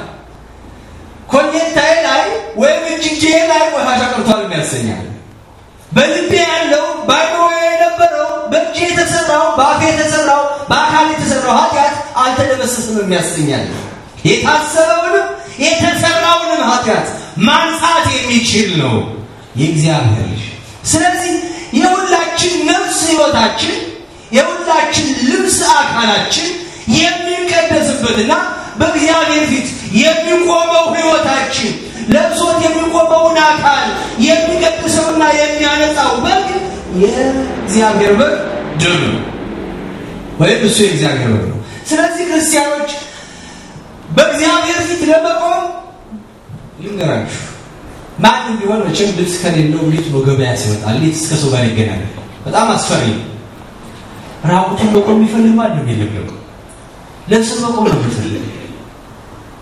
ኮኔታዬ ላይ ወይም እጅጌ ላይ ቆሻሻ ቀርቷል የሚያሰኛል። በልቤ ያለው ባይሮ የነበረው በእጅ የተሰራው በአፍ የተሰራው በአካል የተሰራው ኃጢአት አልተደመሰስም የሚያሰኛል። የታሰበውንም የተሰራውንም ኃጢአት ማንሳት የሚችል ነው የእግዚአብሔር ልጅ። ስለዚህ የሁላችን ነፍስ ህይወታችን የሁላችን ልብስ አካላችን የሚቀደስበትና በእግዚአብሔር ፊት የሚቆመው ህይወታችን ለብሶት የሚቆመውን አካል የሚቀድሰውና የሚያነጻው በግ የእግዚአብሔር በግ ደም ወይም እሱ የእግዚአብሔር በግ ነው። ስለዚህ ክርስቲያኖች በእግዚአብሔር ፊት ለመቆም ልንገራችሁ፣ ማንም ቢሆን መቼም ልብስ ከሌለው ሊት ነው ገበያ ሲመጣ ሊት እስከ ሰው ጋር ይገናኛል። በጣም አስፈሪ ነው። ራቁቱን መቆም የሚፈልግ ማለት ነው የሚፈልገው ለብስ መቆም ነው የሚፈልግ።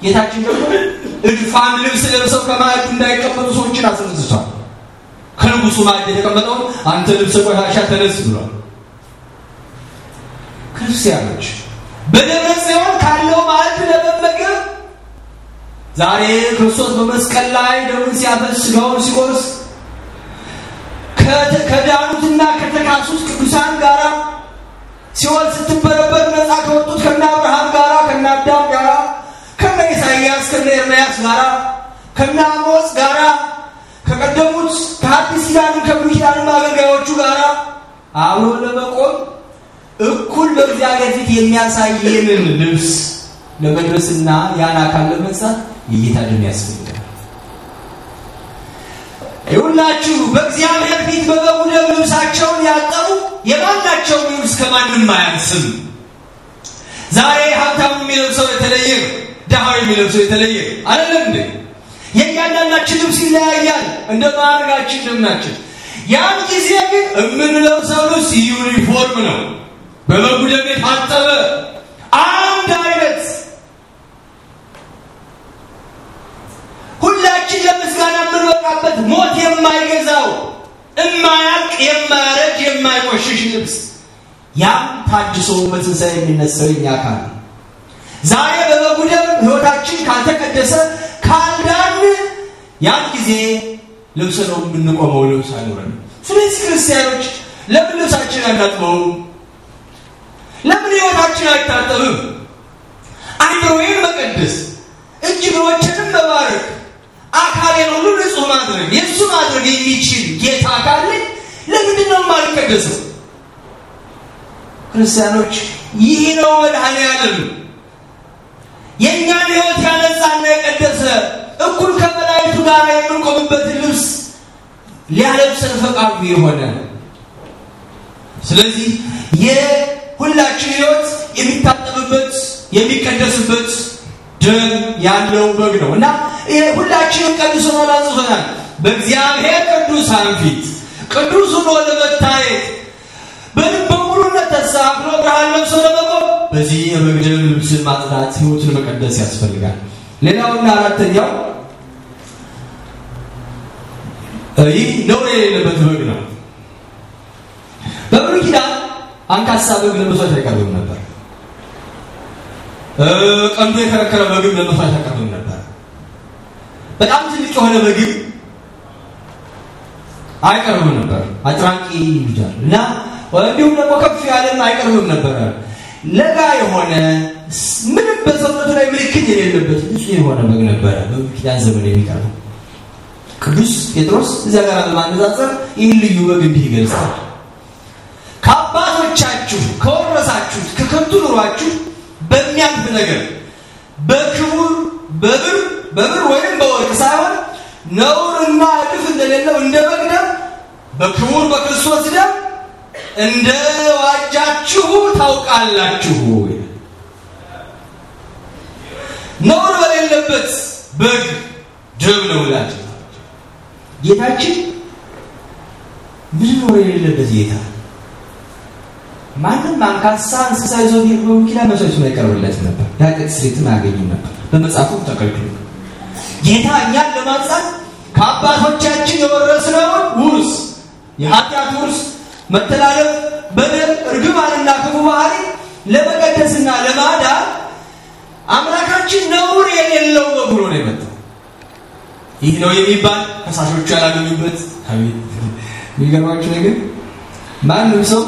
ጌታችን ደግሞ እድፋም ልብስ ለብሰው ከማዕዱ እንዳይቀመጡ ሰዎችን አስነስቷል። ከንጉሱ ማዕድ የተቀመጠውን አንተ ልብሰ ቆሻሻ ተነስ ብሏል። ክርስቲያኖች በደብረ ጽዮን ካለው ማዕድ ለመመገብ ዛሬ ክርስቶስ በመስቀል ላይ ደሙን ሲያፈስ ስጋውን ሲቆርስ ከዳኑትና ከተካሱት ቅዱሳን ጋራ ሲወል ስትበረበር ነፃ ከወጡት ከነ አብርሃም ጋራ ከነ አዳም ጋራ ከነ ኢሳይያስ ከነ ኤርምያስ ጋራ ከነ አሞጽ ጋራ ከቀደሙት ከአዲስ ኪዳንም ከብሉይ ኪዳንም አገልጋዮቹ ጋራ አብሮ ለመቆም እኩል በእግዚአብሔር ፊት የሚያሳየንን ልብስ ለመድረስና ያን አካል ለመግዛት የጌታ ደም ያስፈልጋል። ይሁላችሁ በእግዚአብሔር ፊት በበጉ ደም ልብሳቸውን ያጠቡ የማናቸው ልብስ ከማንም አያንስም። ዛሬ ሀብታሙ የሚለብሰው የተለየ ድሃው የሚለብሰው የተለየ አይደለም እንዴ? የእያንዳንዳችን ልብስ ይለያያል እንደ ማድረጋችን ድምናችን። ያን ጊዜ ግን የምንለብሰው ልብስ ዩኒፎርም ነው። በበጉ ደም የታጠበ አንድ አይነት ሁላችን ለምስጋና የተቀባበት ሞት የማይገዛው እማያልቅ የማያረጅ የማይቆሽሽ ልብስ ያም ታድሶ በትንሣኤ የሚነሳው የኛ አካል ነው። ዛሬ በበጉ ህይወታችን ካልተቀደሰ ካልዳን፣ ያን ጊዜ ልብስ ነው የምንቆመው፣ ልብስ አይኖረን። ስለዚህ ክርስቲያኖች ለምን ልብሳችን አናጥበውም? ለምን ሕይወታችን አይታጠብም? አይምሮዬን መቀደስ እጅ ብሮችንም መባረክ አካሌን ሁሉ ማድረግ የእሱ ማድረግ የሚችል ጌታ ካለ ለምንድን ነው የማልቀደሰው? ክርስቲያኖች ይህ ነው መድኃኔዓለም። የእኛን ህይወት ያነጻና የቀደሰ እኩል ከመላእክቱ ጋር የምንቆምበት ልብስ ሊያለብሰን ፈቃዱ የሆነ ስለዚህ የሁላችን ህይወት የሚታጠብበት የሚቀደስበት ደም ያለው በግ ነው እና ይሄ ሁላችንም ቅዱስ ነው ላጽፈናል። በእግዚአብሔር ቅዱሳን ፊት ቅዱስ ሆኖ ለመታየት በልበ ሙሉነት ተሳክሎ ብርሃን ለብሶ ለመቆም በዚህ የበግ ደም ልብስን ማጽዳት፣ ህይወትን መቀደስ ያስፈልጋል። ሌላውና አራተኛው ይህ ነውር የሌለበት በግ ነው። በብሉይ ኪዳን አንካሳ በግ ለብሶ አይቀርብም ነበር። ቀንዱ የተረከረ ምግብ ለመስዋዕት ያቀርብም ነበር። በጣም ትልቅ የሆነ ምግብ አይቀርብም ነበር። አጭራቂ ይሉታል እና እንዲሁም ደግሞ ከፍ ያለም አይቀርብም ነበር። ለጋ የሆነ ምንም በሰውነቱ ላይ ምልክት የሌለበት ንጹህ የሆነ በግ ነበረ በብሉይ ዘመን የሚቀርበው። ቅዱስ ጴጥሮስ እዚያ ጋር በማነጻጸር ይህን ልዩ በግ እንዲህ ይገልጻል። ከአባቶቻችሁ ከወረሳችሁት ከከንቱ ኑሯችሁ በሚያልፍ ነገር በክቡር በብር በብር ወይም በወርቅ ሳይሆን ነውርና እድፍ እንደሌለው እንደ በግ ደም በክቡር በክርስቶስ ደም እንደ ዋጃችሁ ታውቃላችሁ። ነውር በሌለበት በግ ደም ነው ላቸው ጌታችን ምንም ነውር የሌለበት ጌታ ማንም አንካሳ እንስሳ ይዞ ቢሄድ በወኪላ መሥዋዕቱ ላይ ቀርብለት ነበር። የኃጢአት ስርየትም አያገኝም ነበር። በመጽሐፉም ተከልክሉ። ጌታ እኛን ለማንጻት ከአባቶቻችን የወረስነውን ውርስ የኃጢአት ውርስ መተላለፍ፣ በደል፣ እርግማንና ክፉ ባህሪ ለመቀደስና ለማዳ አምላካችን ነውር የሌለው በግ ሆኖ ነው የመጣው። ይህ ነው የሚባል ከሳሾቹ ያላገኙበት። አቤት የሚገርማችሁ ነገር ማንም ሰው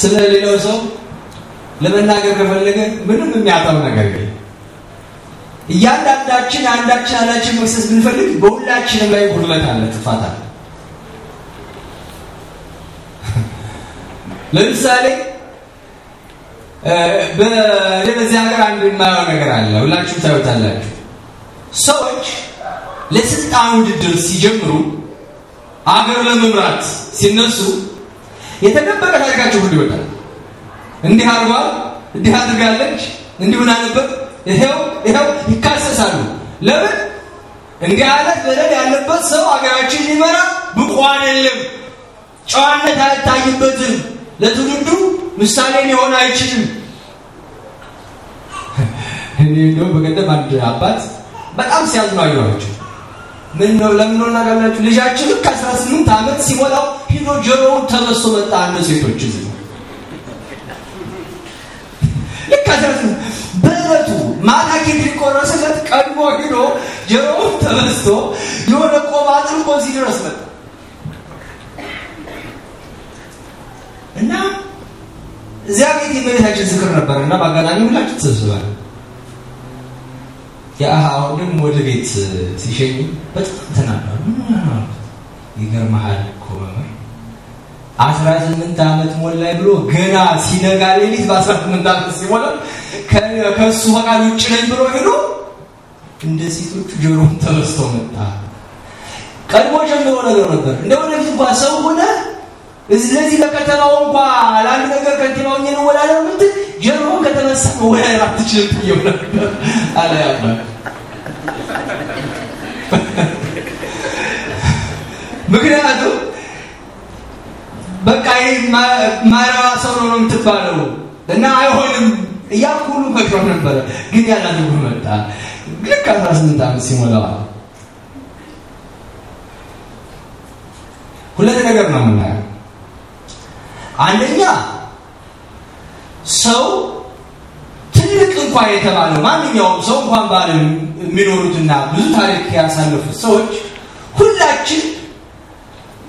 ስለሌለው ሰው ለመናገር ከፈለገ ምንም የሚያጣው ነገር የለም። እያንዳንዳችን አንዳችን አንዳችን መክሰስ ብንፈልግ በሁላችንም ላይ ጉድለት አለ፣ ጥፋት አለ። ለምሳሌ በዚህ ሀገር አንድ የማየው ነገር አለ፣ ሁላችሁም ታዩታላችሁ። ሰዎች ለስልጣን ውድድር ሲጀምሩ አገር ለመምራት ሲነሱ የተደበቀ ታሪካቸው ሁሉ ይወጣል። እንዲህ አርባ እንዲህ አድርጋለች፣ እንዲህ ምን አለበት፣ ይኸው ይኸው ይካሰሳሉ። ለምን እንዲህ አይነት በደል ያለበት ሰው አገራችን ሊመራ ብቁ አይደለም፣ ጨዋነት አይታይበትም፣ ለትውልዱ ምሳሌ ሊሆን አይችልም። እኔ እንደውም በቀደም አንድ አባት በጣም ሲያዝኑ አየኋቸው። ምን ነው ለምን ነው እናጋላችሁ? ልጃችን ከ 18 ዓመት ሲሞላው ሂዶ ጆሮውን ተበሶ መጣ። አንዱ ሴቶች እዚህ ልክ 18 በእለቱ ማታ ኬክ ሊቆረስለት ቀድሞ ሂዶ ጆሮውን ተበስቶ የሆነ ቆባ አጥልቆ እዚህ ድረስ መጣ እና እዚያ ቤት የመቤታችን ዝክር ነበር እና በአጋጣሚ ሁላችን ተሰብስባል የአሁንም ወደ ቤት ሲሸኝ በጣም ተናገሩ። ይገርመሃል እኮ መምህር አስራ ስምንት ዓመት ሞላኝ ብሎ ገና ሲነጋ ሌሊት በአስራ ስምንት ዓመት ሲሞላ ከእሱ ፈቃድ ውጭ ነኝ ብሎ ሄዶ እንደ ሴቶቹ ጆሮውን ተበስቶ መጣ። ቀድሞ ጀምሮ ነገር ነበር። እንደ ወደፊት እንኳ ሰው ሆነ እዚህ ለዚህ ለከተማው እንኳ ለአንድ ነገር ከንቲባው እኘን ወላለው ገርሞ ከተነሳ መወያየት አትችልም ብዬው ነበር አለ ምክንያቱም በቃ ይህ ሰው ነው የምትባለው እና አይሆንም እያልኩ ሁሉ መክረው ነበረ። ግን ያላት መጣ። ልክ አስራ ስምንት ዓመት ሲሞላዋል ሁለት ነገር ነው የምናየው አንደኛ ሰው ትልቅ እንኳ የተባለ ማንኛውም ሰው እንኳን ባለ የሚኖሩትና ብዙ ታሪክ ያሳለፉት ሰዎች ሁላችን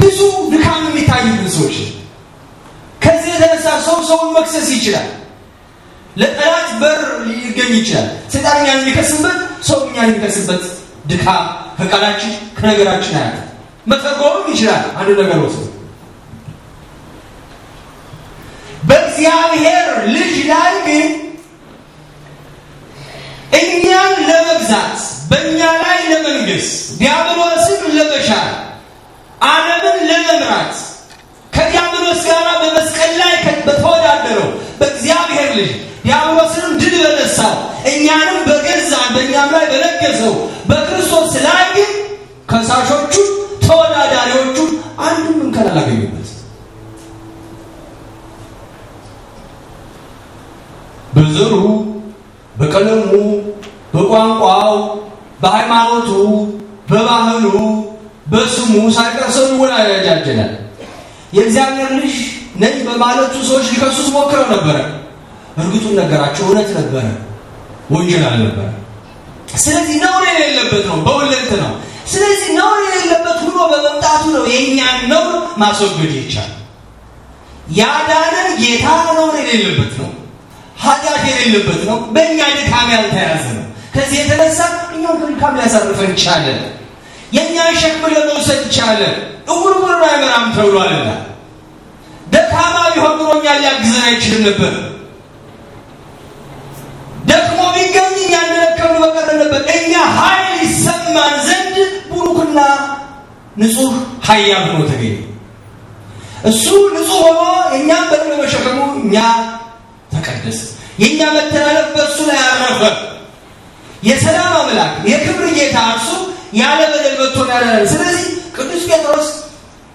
ብዙ ድካም የሚታይብን ሰዎች ከዚህ የተነሳ ሰው ሰውን መክሰስ ይችላል። ለጠላት በር ሊገኝ ይችላል። ሰይጣን እኛን የሚከስበት፣ ሰው እኛን የሚከስበት ድካም ከቃላችን ከነገራችን አያት መጠቆምም ይችላል አንድ ነገር ወስዶ በእግዚአብሔር ልጅ ላይ ግን እኛን ለመግዛት በእኛ ላይ ለመንግስ ዲያብሎስን ለመሻል አለምን ለመምራት ከዲያብሎስ ጋር በመስቀል ላይ በተወዳደረው በእግዚአብሔር ልጅ ዲያብሎስንም ድል በነሳው እኛንም በገዛ በእኛም ላይ በለገሰው በክርስቶስ ላይ ግን ከሳሾቹ ተወዳዳሪዎቹ አንዱም እንከን አላገኙበት። በዘሩ፣ በቀለሙ፣ በቋንቋው፣ በሃይማኖቱ፣ በባህሉ፣ በስሙ ሳይቀር ሰውን ያጃጀላል። የእግዚአብሔር ልጅ ነኝ በማለቱ ሰዎች ሊከሱት ሞክረው ነበረ። እርግጡን ነገራቸው እውነት ነበረ፣ ወንጀል አልነበረ። ስለዚህ ነውር የሌለበት ነው፣ በሁለት ነው። ስለዚህ ነውር የሌለበት ሆኖ በመምጣቱ ነው የእኛን ነውር ማስወገድ ይቻል። ያዳነን ጌታ ነውር የሌለበት ነው። ኃጢአት የሌለበት ነው። በእኛ ድካም ያልተያዘ ነው። ከዚህ የተነሳ እኛው ከድካም ሊያሳርፈን ይቻለን፣ የእኛ ሸክም ለመውሰድ ቻለ። እውር ውር አይመራም ተብሏልና ደካማ ቢሆን ኖሮ እኛን ሊያግዘን አይችልም ነበር። ደክሞ ቢገኝ እኛን እንደደከምን በቀርን ነበር። እኛ ኃይል ይሰማን ዘንድ ቡሩክና ንጹህ ኃያል ሆኖ ተገኘ። እሱ ንጹህ ሆኖ እኛም በደል በመሸከሙ እኛ ተቀደሰ። የእኛ መተላለፍ በእሱ ላይ አረፈ። የሰላም አምላክ የክብር ጌታ እርሱ ያለ በደል መጥቶናል። ስለዚህ ቅዱስ ጴጥሮስ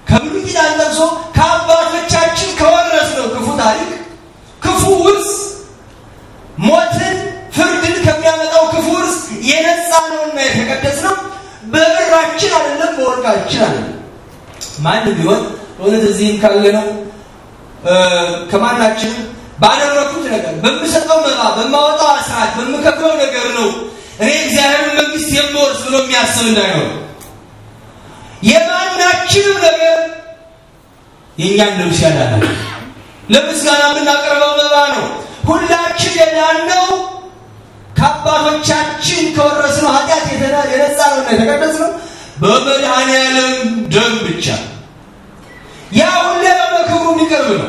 ከብሉይ ኪዳን ጠቅሶ ከአባቶቻችን ከወረስነው ክፉ ታሪክ፣ ክፉ ውርስ፣ ሞትን፣ ፍርድን ከሚያመጣው ክፉ ውርስ የነጻ ነውና የተቀደስ ነው። በብራችን አይደለም፣ በወርቃችን አይደለም። ማንም ቢሆን እውነት እዚህም ካለ ነው ከማናችንም ባደረኩት ነገር በምሰጠው መባ በማወጣው አስራት በምከፍለው ነገር ነው እኔ እግዚአብሔር መንግስት የምወርስ ብሎ የሚያስብ እንዳይሆን የማናችንም ነገር የእኛን ነብስ ያዳናል። ለምስጋና የምናቀርበው መባ ነው። ሁላችን የዳነው ከአባቶቻችን ከወረስነው ኃጢአት የነጻ ነው የተቀደስ ነው በመድኃኔ ዓለም ደም ብቻ ያ ሁሌ በመክብሩ የሚቀርብ ነው።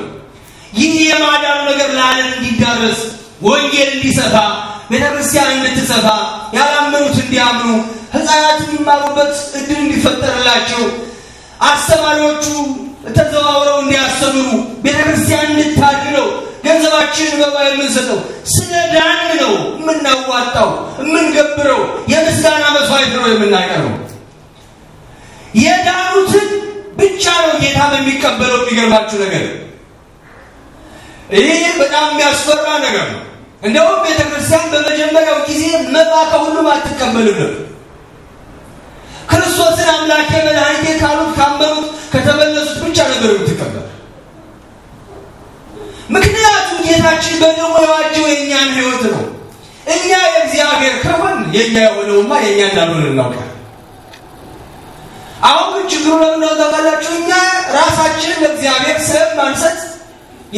ይህ የማዳን ነገር ለዓለም እንዲዳረስ ወንጌል እንዲሰፋ ቤተክርስቲያን እንድትሰፋ ያላመኑት እንዲያምኑ ህፃናት የሚማሩበት እድል እንዲፈጠርላቸው አስተማሪዎቹ ተዘዋውረው እንዲያስተምሩ ቤተክርስቲያን እንድታድለው ገንዘባችንን በባ የምንሰጠው ስለ ዳን ነው የምናዋጣው የምንገብረው የምስጋና መስዋዕት ነው የምናቀርበው የዳኑትን ብቻ ነው ጌታ በሚቀበለው የሚገርማችሁ ነገር ይህ በጣም የሚያስፈራ ነገር ነው። እንደውም ቤተክርስቲያን በመጀመሪያው ጊዜ መባ ከሁሉም አትቀበልም ነበር። ክርስቶስን አምላኬ መድኃኒቴ ካሉት ካመኑት ከተመለሱት ብቻ ነበር የምትቀበል። ምክንያቱም ጌታችን በደሙ የዋጀው የእኛን ህይወት ነው። እኛ የእግዚአብሔር ከሆን የእኛ የሆነውማ የእኛ እንዳልሆን እናውቃል። አሁን ችግሩ ለምነው ተባላችሁ? እኛ ራሳችን ለእግዚአብሔር ስም ማንሰጥ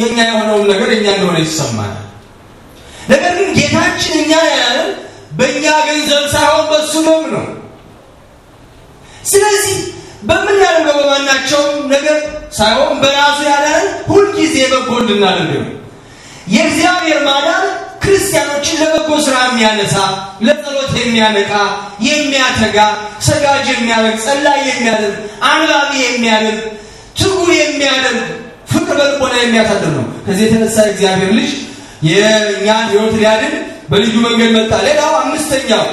የእኛ የሆነውን ነገር እኛ እንደሆነ ይሰማናል። ነገር ግን ጌታችን እኛ ያለን በእኛ ገንዘብ ሳይሆን በሱ ደም ነው። ስለዚህ በምናደርገው በማናቸውም ነገር ሳይሆን በራሱ ያለን ሁልጊዜ በጎ እንድናደርግ ነው። የእግዚአብሔር ማዳር ክርስቲያኖችን ለበጎ ስራ የሚያነሳ ለጸሎት የሚያነቃ የሚያተጋ ሰጋጅ የሚያደርግ ጸላይ የሚያደርግ አንባቢ የሚያደርግ ትጉ የሚያደርግ በልቦና የሚያሳድር ነው። ከዚህ የተነሳ እግዚአብሔር ልጅ የእኛን ሕይወት ሊያድን በልዩ መንገድ መጣ። ሌላው አምስተኛው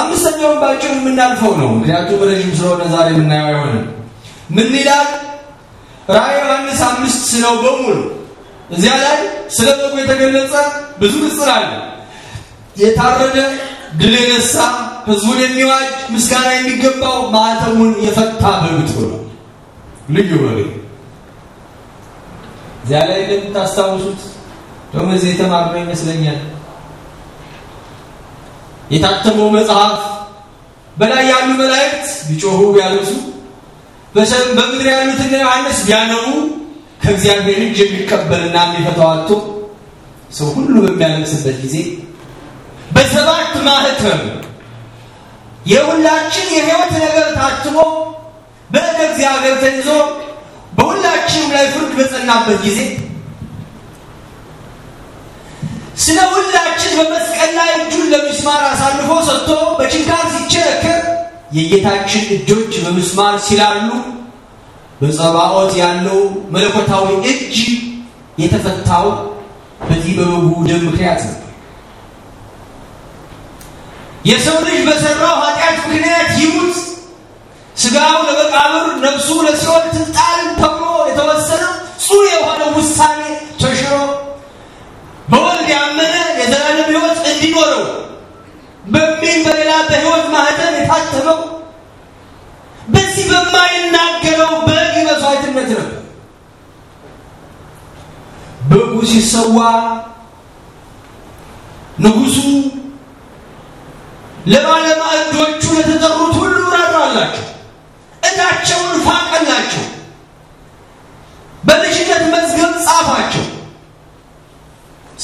አምስተኛውን ባጭሩ የምናልፈው ነው፣ ምክንያቱም ረዥም ስለሆነ ዛሬ የምናየው አይሆንም። ምን ይላል ራዕይ ዮሐንስ አምስት ስለው በሙሉ እዚያ ላይ ስለ በጉ የተገለጸ ብዙ ንጽር አለ። የታረደ ድል የነሳ ህዝቡን የሚዋጅ ምስጋና የሚገባው ማዕተሙን የፈታ በግ ነው። ልዩ በግ እዚያ ላይ እንደምታስታውሱት ደግሞ እዚህ የተማርነው ይመስለኛል። የታተመው መጽሐፍ በላይ ያሉ መላእክት ቢጮሁ በሰም በምድር ያሉትና ዮሐንስ ቢያነቡ ከእግዚአብሔር እጅ የሚቀበልና የሚፈታው ሰው ሁሉ በሚያለምስበት ጊዜ በሰባት ማህተም የሁላችን የህይወት ነገር ታትሞ በእግዚአብሔር ተይዞ በሁላ ላይ ፍርድ በጸናበት ጊዜ ስለ ሁላችን በመስቀል ላይ እጁን ለምስማር አሳልፎ ሰጥቶ በችንካር ሲቸነከር የጌታችን እጆች በምስማር ሲላሉ በጸባኦት ያለው መለኮታዊ እጅ የተፈታው በዚህ በበጉ ደም ምክንያት ነው። የሰው ልጅ በሰራው ኃጢአት ምክንያት ይሙት፣ ስጋው ለመቃብር፣ ነፍሱ ለሲኦል ትጣል ተብሎ የተወሰነው ጽኑ የሆነ ውሳኔ ተሽሮ በወልድ ያመነ የዘላለም ህይወት እንዲኖረው በሚል በሌላ በህይወት ማህተም የታተመው በዚህ በማይናገረው በግ መስዋዕትነት ነው። በጉ ሲሰዋ ንጉሱ ለባለማዕዶቹ የተጠሩት ሁሉ ራራላቸው፣ እዳቸውን ፋቀላቸው። በምሽተት መዝገብ ጻፋቸው።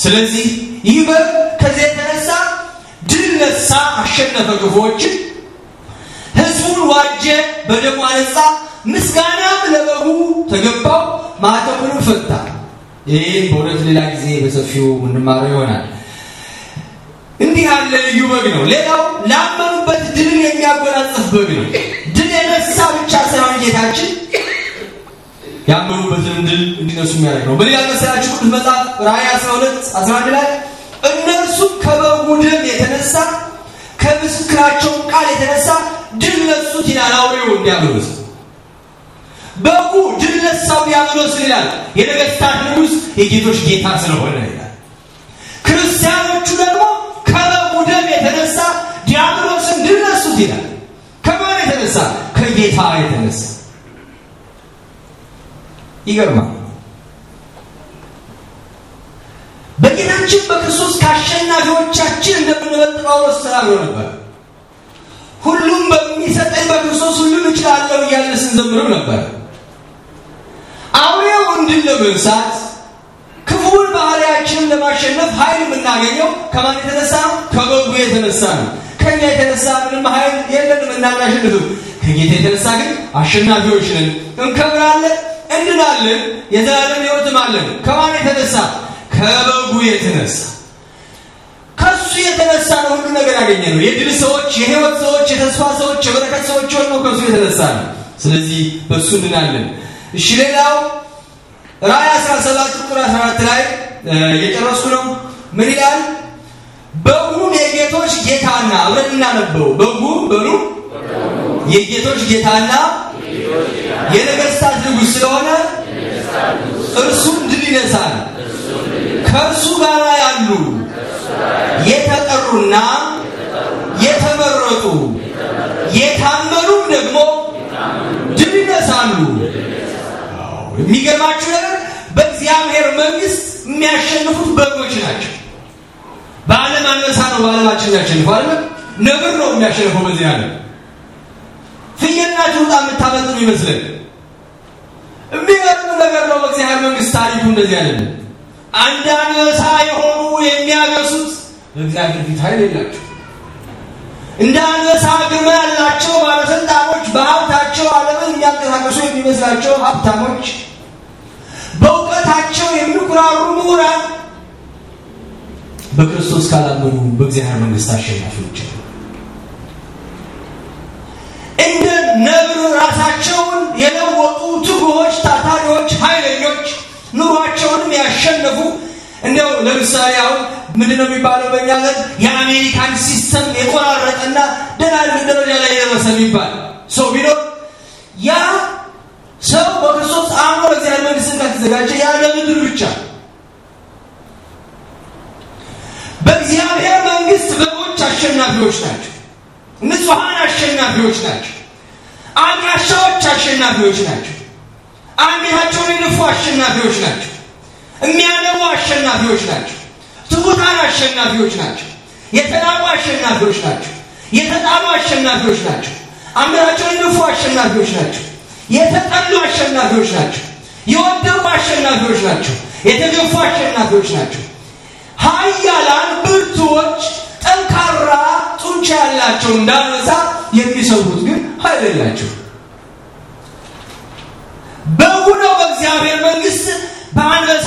ስለዚህ ይህ በግ ከዚያ የተነሳ ድል ነሳ፣ አሸነፈ ክፉዎችን፣ ህዝቡን ዋጀ፣ በደሞ አነጻ። ምስጋናም ለበጉ ተገባው፣ ማዕተቡንም ፈታ። ይህም በሁለት ሌላ ጊዜ በሰፊው ምንማረ ይሆናል። እንዲህ ያለ ልዩ በግ ነው። ሌላው ላመኑበት ድልን የሚያጎናጽፍ በግ ነው። ድል የነሳ ብቻ ሳይሆን ጌታችን ያመኑበትን እንድል እንዲነሱ የሚያደርግ ነው። በሌላ መሰላችሁ ቅዱስ መጽሐፍ ራእይ 12 11 ላይ እነርሱ ከበጉ ደም የተነሳ ከምስክራቸው ቃል የተነሳ ድል ነሱት ይላል። አውሬው እንዲያምኑት በጉ ድል ነሳው ያምኑት ይላል። የነገስታት ንጉስ የጌቶች ጌታ ስለሆነ ይላል። ክርስቲያኖቹ ደግሞ ከበጉ ደም የተነሳ ዲያብሎስን ድል ነሱት ይላል። ከማን የተነሳ? ከጌታ የተነሳ ይገርማል። በጌታችን በክርስቶስ ከአሸናፊዎቻችን እንደምንበልጥ ጳውሎስ ተናግሮ ነበር። ሁሉም በሚሰጠኝ በክርስቶስ ሁሉም እችላለሁ እያለ ስንዘምረው ነበር። አውሬውን ለመንሳት ክፉውን ባህሪያችንን ለማሸነፍ ኃይል የምናገኘው ከማን የተነሳ ነው? ከበጉ የተነሳ ነው። ከኛ የተነሳ ምንም ኃይል የለንም፣ እናናሸንፍም። ከጌታ የተነሳ ግን አሸናፊዎች ነን፣ እንከብራለን እንድናለን የዘላለም ሕይወትም አለን። ከማን የተነሳ? ከበጉ የተነሳ ከሱ የተነሳ ነው ሁሉ ነገር ያገኘ ነው። የድል ሰዎች፣ የህይወት ሰዎች፣ የተስፋ ሰዎች፣ የበረከት ሰዎች የሆነው ከሱ የተነሳ ነው። ስለዚህ በእሱ እንድናለን። እሺ ሌላው ራእይ 17 ቁጥር 14 ላይ እየጨረስኩ ነው። ምን ይላል? በጉም የጌቶች ጌታና አብረን እናነበው። በጉም በሉ የጌቶች ጌታና የነገስታት ንጉሥ ስለሆነ እርሱም ድል ይነሳል። ከእርሱ ጋር ያሉ የተጠሩና የተመረጡ የታመኑም ደግሞ ድል ይነሳሉ። የሚገርማችሁ ነገር በእግዚአብሔር መንግስት የሚያሸንፉት በጎች ናቸው። በዓለም አንበሳ ነው በዓለማችን ያሸንፈው። ነብር ነው የሚያሸንፈው በዚህ ዓለም ፍየናችሁ ውጣ የምታመልጥ ነው ይመስለን። የሚገርም ነገር ነው። በእግዚአብሔር መንግስት ታሪኩ እንደዚህ ያለ አንድ አንበሳ የሆኑ የሚያገሱት በእግዚአብሔር ፊት ኃይል የላቸው። እንደ አንበሳ ግርማ ያላቸው ባለስልጣኖች በሀብታቸው ዓለምን የሚያንቀሳቀሱ የሚመስላቸው ሀብታሞች፣ በእውቀታቸው የሚኩራሩ ምሁራን በክርስቶስ ካላመኑ በእግዚአብሔር መንግስት አሸናፊዎች ነው ያሸነፉ እንዲያው ለምሳሌ አሁን ምንድን ነው የሚባለው በእኛ ዘንድ የአሜሪካን ሲስተም የቆራረጠና ደናል ደረጃ ላይ የደረሰ የሚባል ሰው ቢኖር ያ ሰው በክርስቶስ አምኖ እግዚአብሔር መንግስት ካልተዘጋጀ ያ ለምድር ብቻ በእግዚአብሔር መንግስት በጎች አሸናፊዎች ናቸው። ንጹሐን አሸናፊዎች ናቸው። አንካሻዎች አሸናፊዎች ናቸው። አንዴታቸውን የንፉ አሸናፊዎች ናቸው። የሚያነቡ አሸናፊዎች ናቸው። ትጉታን አሸናፊዎች ናቸው። የተላቁ አሸናፊዎች ናቸው። የተጣሉ አሸናፊዎች ናቸው። አምራቸውን ንፉ አሸናፊዎች ናቸው። የተጠሉ አሸናፊዎች ናቸው። የወደቁ አሸናፊዎች ናቸው። የተገፉ አሸናፊዎች ናቸው። ኃያላን ብርቱዎች፣ ጠንካራ ጡንቻ ያላቸው እንዳነሳ የሚሰሩት ግን ኃይል የላቸው በጉ በእግዚአብሔር መንግስት በአንበሳ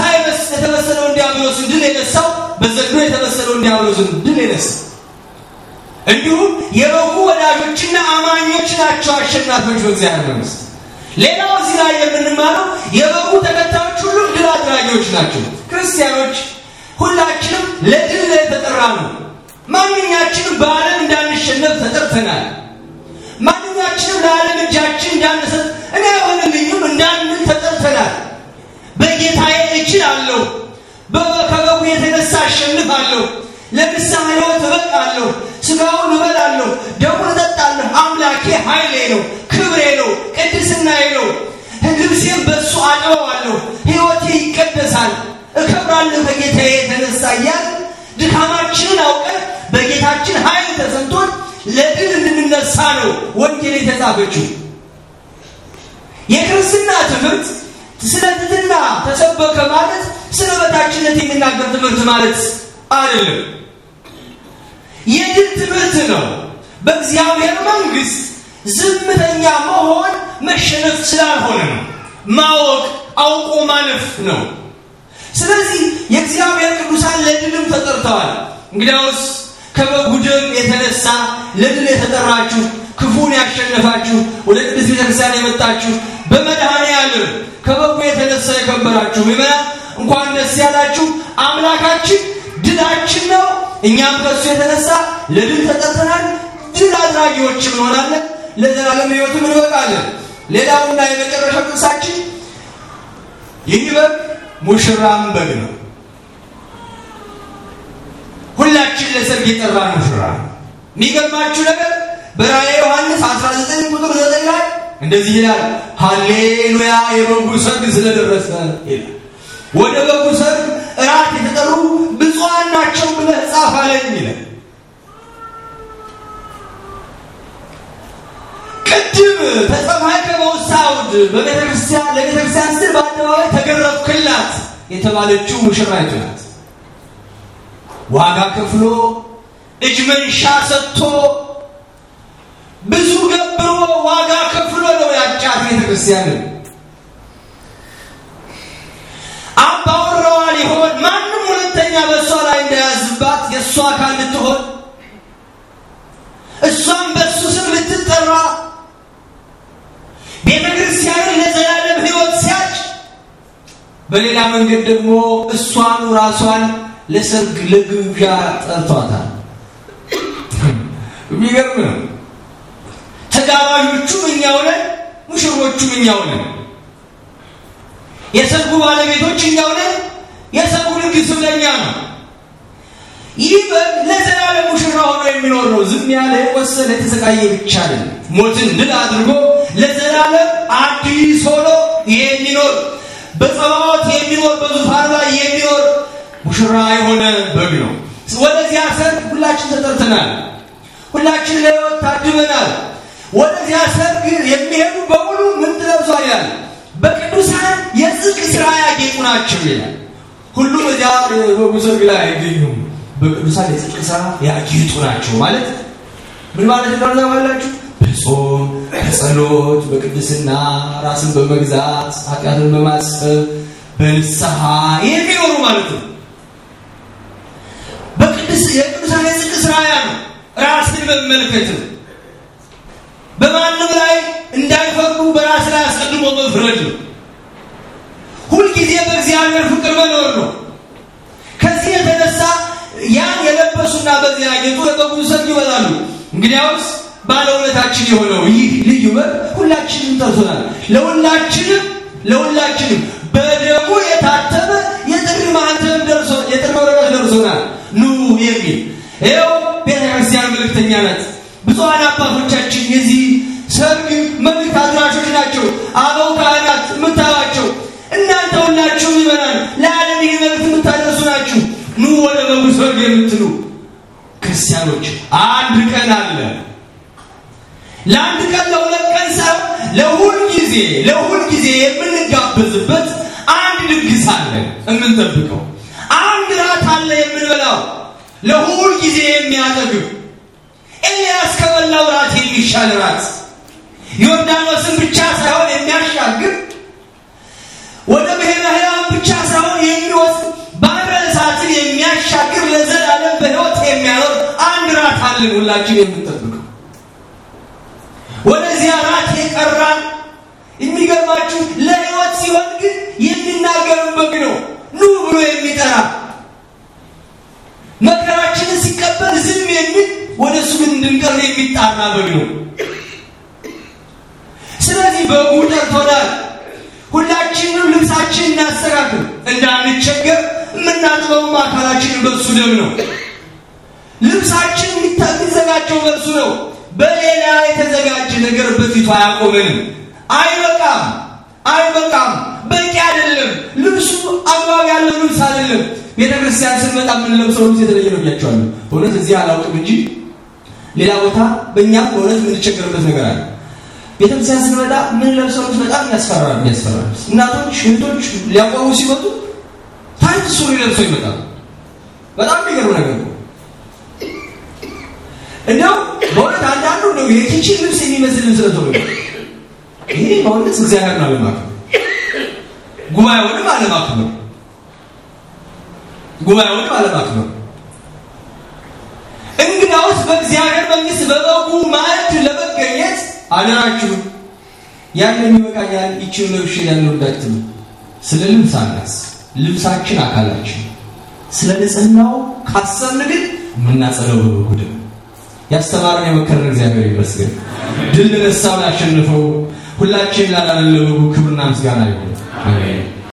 የተመሰለውን ዲያብሎስን ድል የነሳው በዘንዶ የተመሰለውን ዲያብሎስን ድል የነሳ እንዲሁም የበጉ ወዳጆችና አማኞች ናቸው አሸናፊዎች በእግዚአብሔር መንግስት። ሌላው እዚህ ላይ የምንማረው የበጉ ተከታዮች ሁሉ ድል አድራጊዎች ናቸው። ክርስቲያኖች ሁላችንም ለድል ላይ ተጠራ ነው። ማንኛችንም በአለም እንዳንሸነፍ ተጠርተናል። ማንኛችንም ለዓለም እጃችን እንዳንሰጥ እኔ የሆነ ልዩም እንዳንን ተጠርተናል። በጌታዬ እችላለሁ፣ ከበጉ የተነሳ አሸንፋለሁ፣ ለንስሐ ሕይወት እበቃለሁ፣ ስጋውን እበላለሁ፣ ደሙን እጠጣለሁ። አምላኬ ኃይሌ ነው፣ ክብሬ ነው፣ ቅድስናዬ ነው። ልብሴን በእሱ አጥበዋለሁ፣ ህይወቴ ይቀደሳል፣ እከብራለሁ በጌታዬ የተነሳ እያል ድካማችንን አውቀን በጌታችን ኃይል ተሰምቶን ለድል እንድንነሳ ነው ወንጌል የተጻፈችው የክርስትና ትምህርት ስለ ትትና ተሰበከ ማለት ስለ በታችነት የሚናገር ትምህርት ማለት አይደለም። የድል ትምህርት ነው። በእግዚአብሔር መንግስት ዝምተኛ መሆን መሸነፍ ስላልሆነ ነው። ማወቅ አውቆ ማለፍ ነው። ስለዚህ የእግዚአብሔር ቅዱሳን ለድልም ተጠርተዋል። እንግዲያውስ ከበጉ ደም የተነሳ ለድል የተጠራችሁ ክፉን ያሸነፋችሁ ወደ ቅዱስ ቤተክርስቲያን የመጣችሁ በመድኃኔ ዓለም ከበጎ የተነሳ የከበራችሁ ይመና እንኳን ደስ ያላችሁ። አምላካችን ድላችን ነው። እኛም ከሱ የተነሳ ለድል ተጠርተናል። ድል አድራጊዎችም እንሆናለን። ለዘላለም ሕይወትም እንበቃለን። ሌላውና የመጨረሻ ቅዱሳችን ይህ በግ ሙሽራም በግ ነው። ሁላችን ለሰርግ የጠራን ሙሽራ የሚገርማችሁ ነገር በራእየ ዮሐንስ 19 ቁጥር 9 ላይ እንደዚህ ይላል፣ ሃሌሉያ የበጉ ሰርግ ስለደረሰ ይላል። ወደ በጉ ሰርግ እራት የተጠሩ ብፁዓን ናቸው ብለህ ጻፍ አለኝ ይላል። ቅድም ተጸማይከ በውሳውድ በቤተክርስቲያን ለቤተክርስቲያን ስር በአደባባይ ተገረፍክላት የተባለችው ሙሽራይቱ ናት። ዋጋ ከፍሎ እጅ መንሻ ሰጥቶ ብዙ ገብሮ ዋጋ ከፍሎ ነው ያጫት ቤተክርስቲያን ክርስቲያን አባወራዋ ሊሆን ማንም ሁለተኛ በእሷ ላይ እንዳያዝባት የእሷ አካል ልትሆን እሷም በእሱ ስም ልትጠራ ቤተ ክርስቲያንን ለዘላለም ህይወት ሲያጭ በሌላ መንገድ ደግሞ እሷኑ ራሷን ለሰርግ ለግብዣ ጠርቷታል። የሚገርም ነው። አጋባዦቹም እኛው ነን፣ ሙሽሮቹም እኛው ነን። የሰርጉ ባለቤቶች እኛው ነን። የሰርጉ ድግስም ለእኛ ነው። ይህ ለዘላለም ሙሽራ ሆኖ የሚኖር ነው። ዝም ያለ ወሰነ ተሰቃየ ብቻ አይደለም። ሞትን ድል አድርጎ ለዘላለም አዲስ ሆኖ የሚኖር በጸባዖት የሚኖር በዙፋን ላይ የሚኖር ሙሽራ የሆነ በግ ነው። ወደዚያ ሰርግ ሁላችን ተጠርተናል። ሁላችን ለሕይወት ታድመናል። ወደዚያ ሰርግ የሚሄዱ በሙሉ ምን ትለብሷል ይላል። በቅዱሳን የጽድቅ ስራ ያጌጡ ናቸው ይላል። ሁሉም እዚያ ሰርግ ላይ አይገኙም። በቅዱሳን የጽድቅ ስራ ያጌጡ ናቸው ማለት ምን ማለት እንደሆነ ታውቃላችሁ? በጾም በጸሎት፣ በቅድስና ራስን በመግዛት ኃጢአትን በማሰብ በንስሐ የሚኖሩ ማለት ነው። በቅዱስ የቅዱሳን የጽድቅ ስራ ያ ነው ራስን መመልከት ነው። በማንም ላይ እንዳይፈቅዱ በራስ ላይ አስቀድሞ መፍረድ ነው። ሁልጊዜ በእግዚአብሔር ፍቅር መኖር ነው። ከዚህ የተነሳ ያን የለበሱና በዚህ ያጌጡ ለበጉ ሰት ይበላሉ። እንግዲያውስ ባለውለታችን የሆነው ይህ ልዩ በር ሁላችንም ጠርቶናል። ለሁላችንም ለሁላችንም በደሙ የታተመ የጥሪ ማህተም ደርሶ የጥሪ ወረቀት ደርሶናል ኑ የሚል ይኸው ቤተክርስቲያን መልእክተኛ ናት። ብፁዓን አባቶቻችን የዚህ ሰርግ መልእክት አድራሾች ናቸው። አበው ካህናት የምታዋቸው እናንተ ሁላችሁ ይበናል ለዓለም ይህ መልእክት የምታደርሱ ናችሁ። ኑ ወደ በጉ ሰርግ የምትሉ ክርስቲያኖች አንድ ቀን አለ። ለአንድ ቀን ለሁለት ቀን ሰብ ለሁል ጊዜ ለሁል ጊዜ የምንጋበዝበት አንድ ድግስ አለ የምንጠብቀው አንድ ራት አለ የምንበላው ለሁል ጊዜ የሚያጠግብ ኤልያስ ከበላው ራት የሚሻል ራት ዮርዳኖስን ብቻ ሳይሆን የሚያሻግር ወደ ብሔረ ሕያዋን ብቻ ሳይሆን የሚወስድ ባሕረ እሳትን የሚያሻግር ለዘላለም በህይወት የሚያኖር አንድ ራት አለን ሁላችን የምንጠብቀው። ወደዚያ ራት የቀራን የሚገርማችሁ ለሕይወት ሲሆን ግን የሚናገርን በግ ነው ኑ ብሎ የሚጠራ መከራችንን ሲቀበል ዝም የሚል ወደ እሱ ግን እንድንቀርብ የሚጣራ በግ ነው። ስለዚህ በጉ ጠርቶናል። ሁላችንም ልብሳችን እናስተካክል እንዳንቸገር፣ የምናጥበውም አካላችን በእሱ ደም ነው። ልብሳችን የሚዘጋጀው በእሱ ነው። በሌላ የተዘጋጀ ነገር በፊቱ አያቆመንም። አይበቃም፣ አይበቃም፣ በቂ አይደለም። ልብሱ አግባብ ያለው ልብስ አይደለም። ቤተክርስቲያን ስንመጣ የምንለብሰው ልብስ የተለየ ነው ብያቸዋለሁ። እውነት እዚህ አላውቅም እንጂ ሌላ ቦታ በእኛም በእውነት የምንቸገርበት ነገር አለ። ቤተክርስቲያን ስንመጣ ምን ለብሰው በጣም ያስፈራል። ያስፈራል። እናቶች እህቶች ሊያቆሙ ሲመጡ ታይት ሱሪ ለብሶ ይመጣል በጣም የሚገርም ነገር ነው። እንደው በእውነት አንዳንዱ ነው የኪችን ልብስ የሚመስል ልብስ ለብሰው ይመጣል። ይሄ በእውነት እግዚአብሔር ነው አለማክ ጉባኤውንም አለማክ ነው ጉባኤውንም አለማክ ነው እንግዳውስ በእግዚአብሔር መንግሥት በበጉ ማዕድ ለመገኘት አደራችሁ ያንን ይበቃኛል ይችን ለብሼ ያለው እንዳትሉ። ስለ ልብስ አናስ ልብሳችን አካላችን ስለ ንጽህናው ካሰብን ግን የምናጸለው በበጉ ደም ያስተማረን የመከረን እግዚአብሔር ይመስገን። ድል ነሳውን አሸንፈው ሁላችን ላላለበጉ ክብርና ምስጋና ይሁን። አሜን።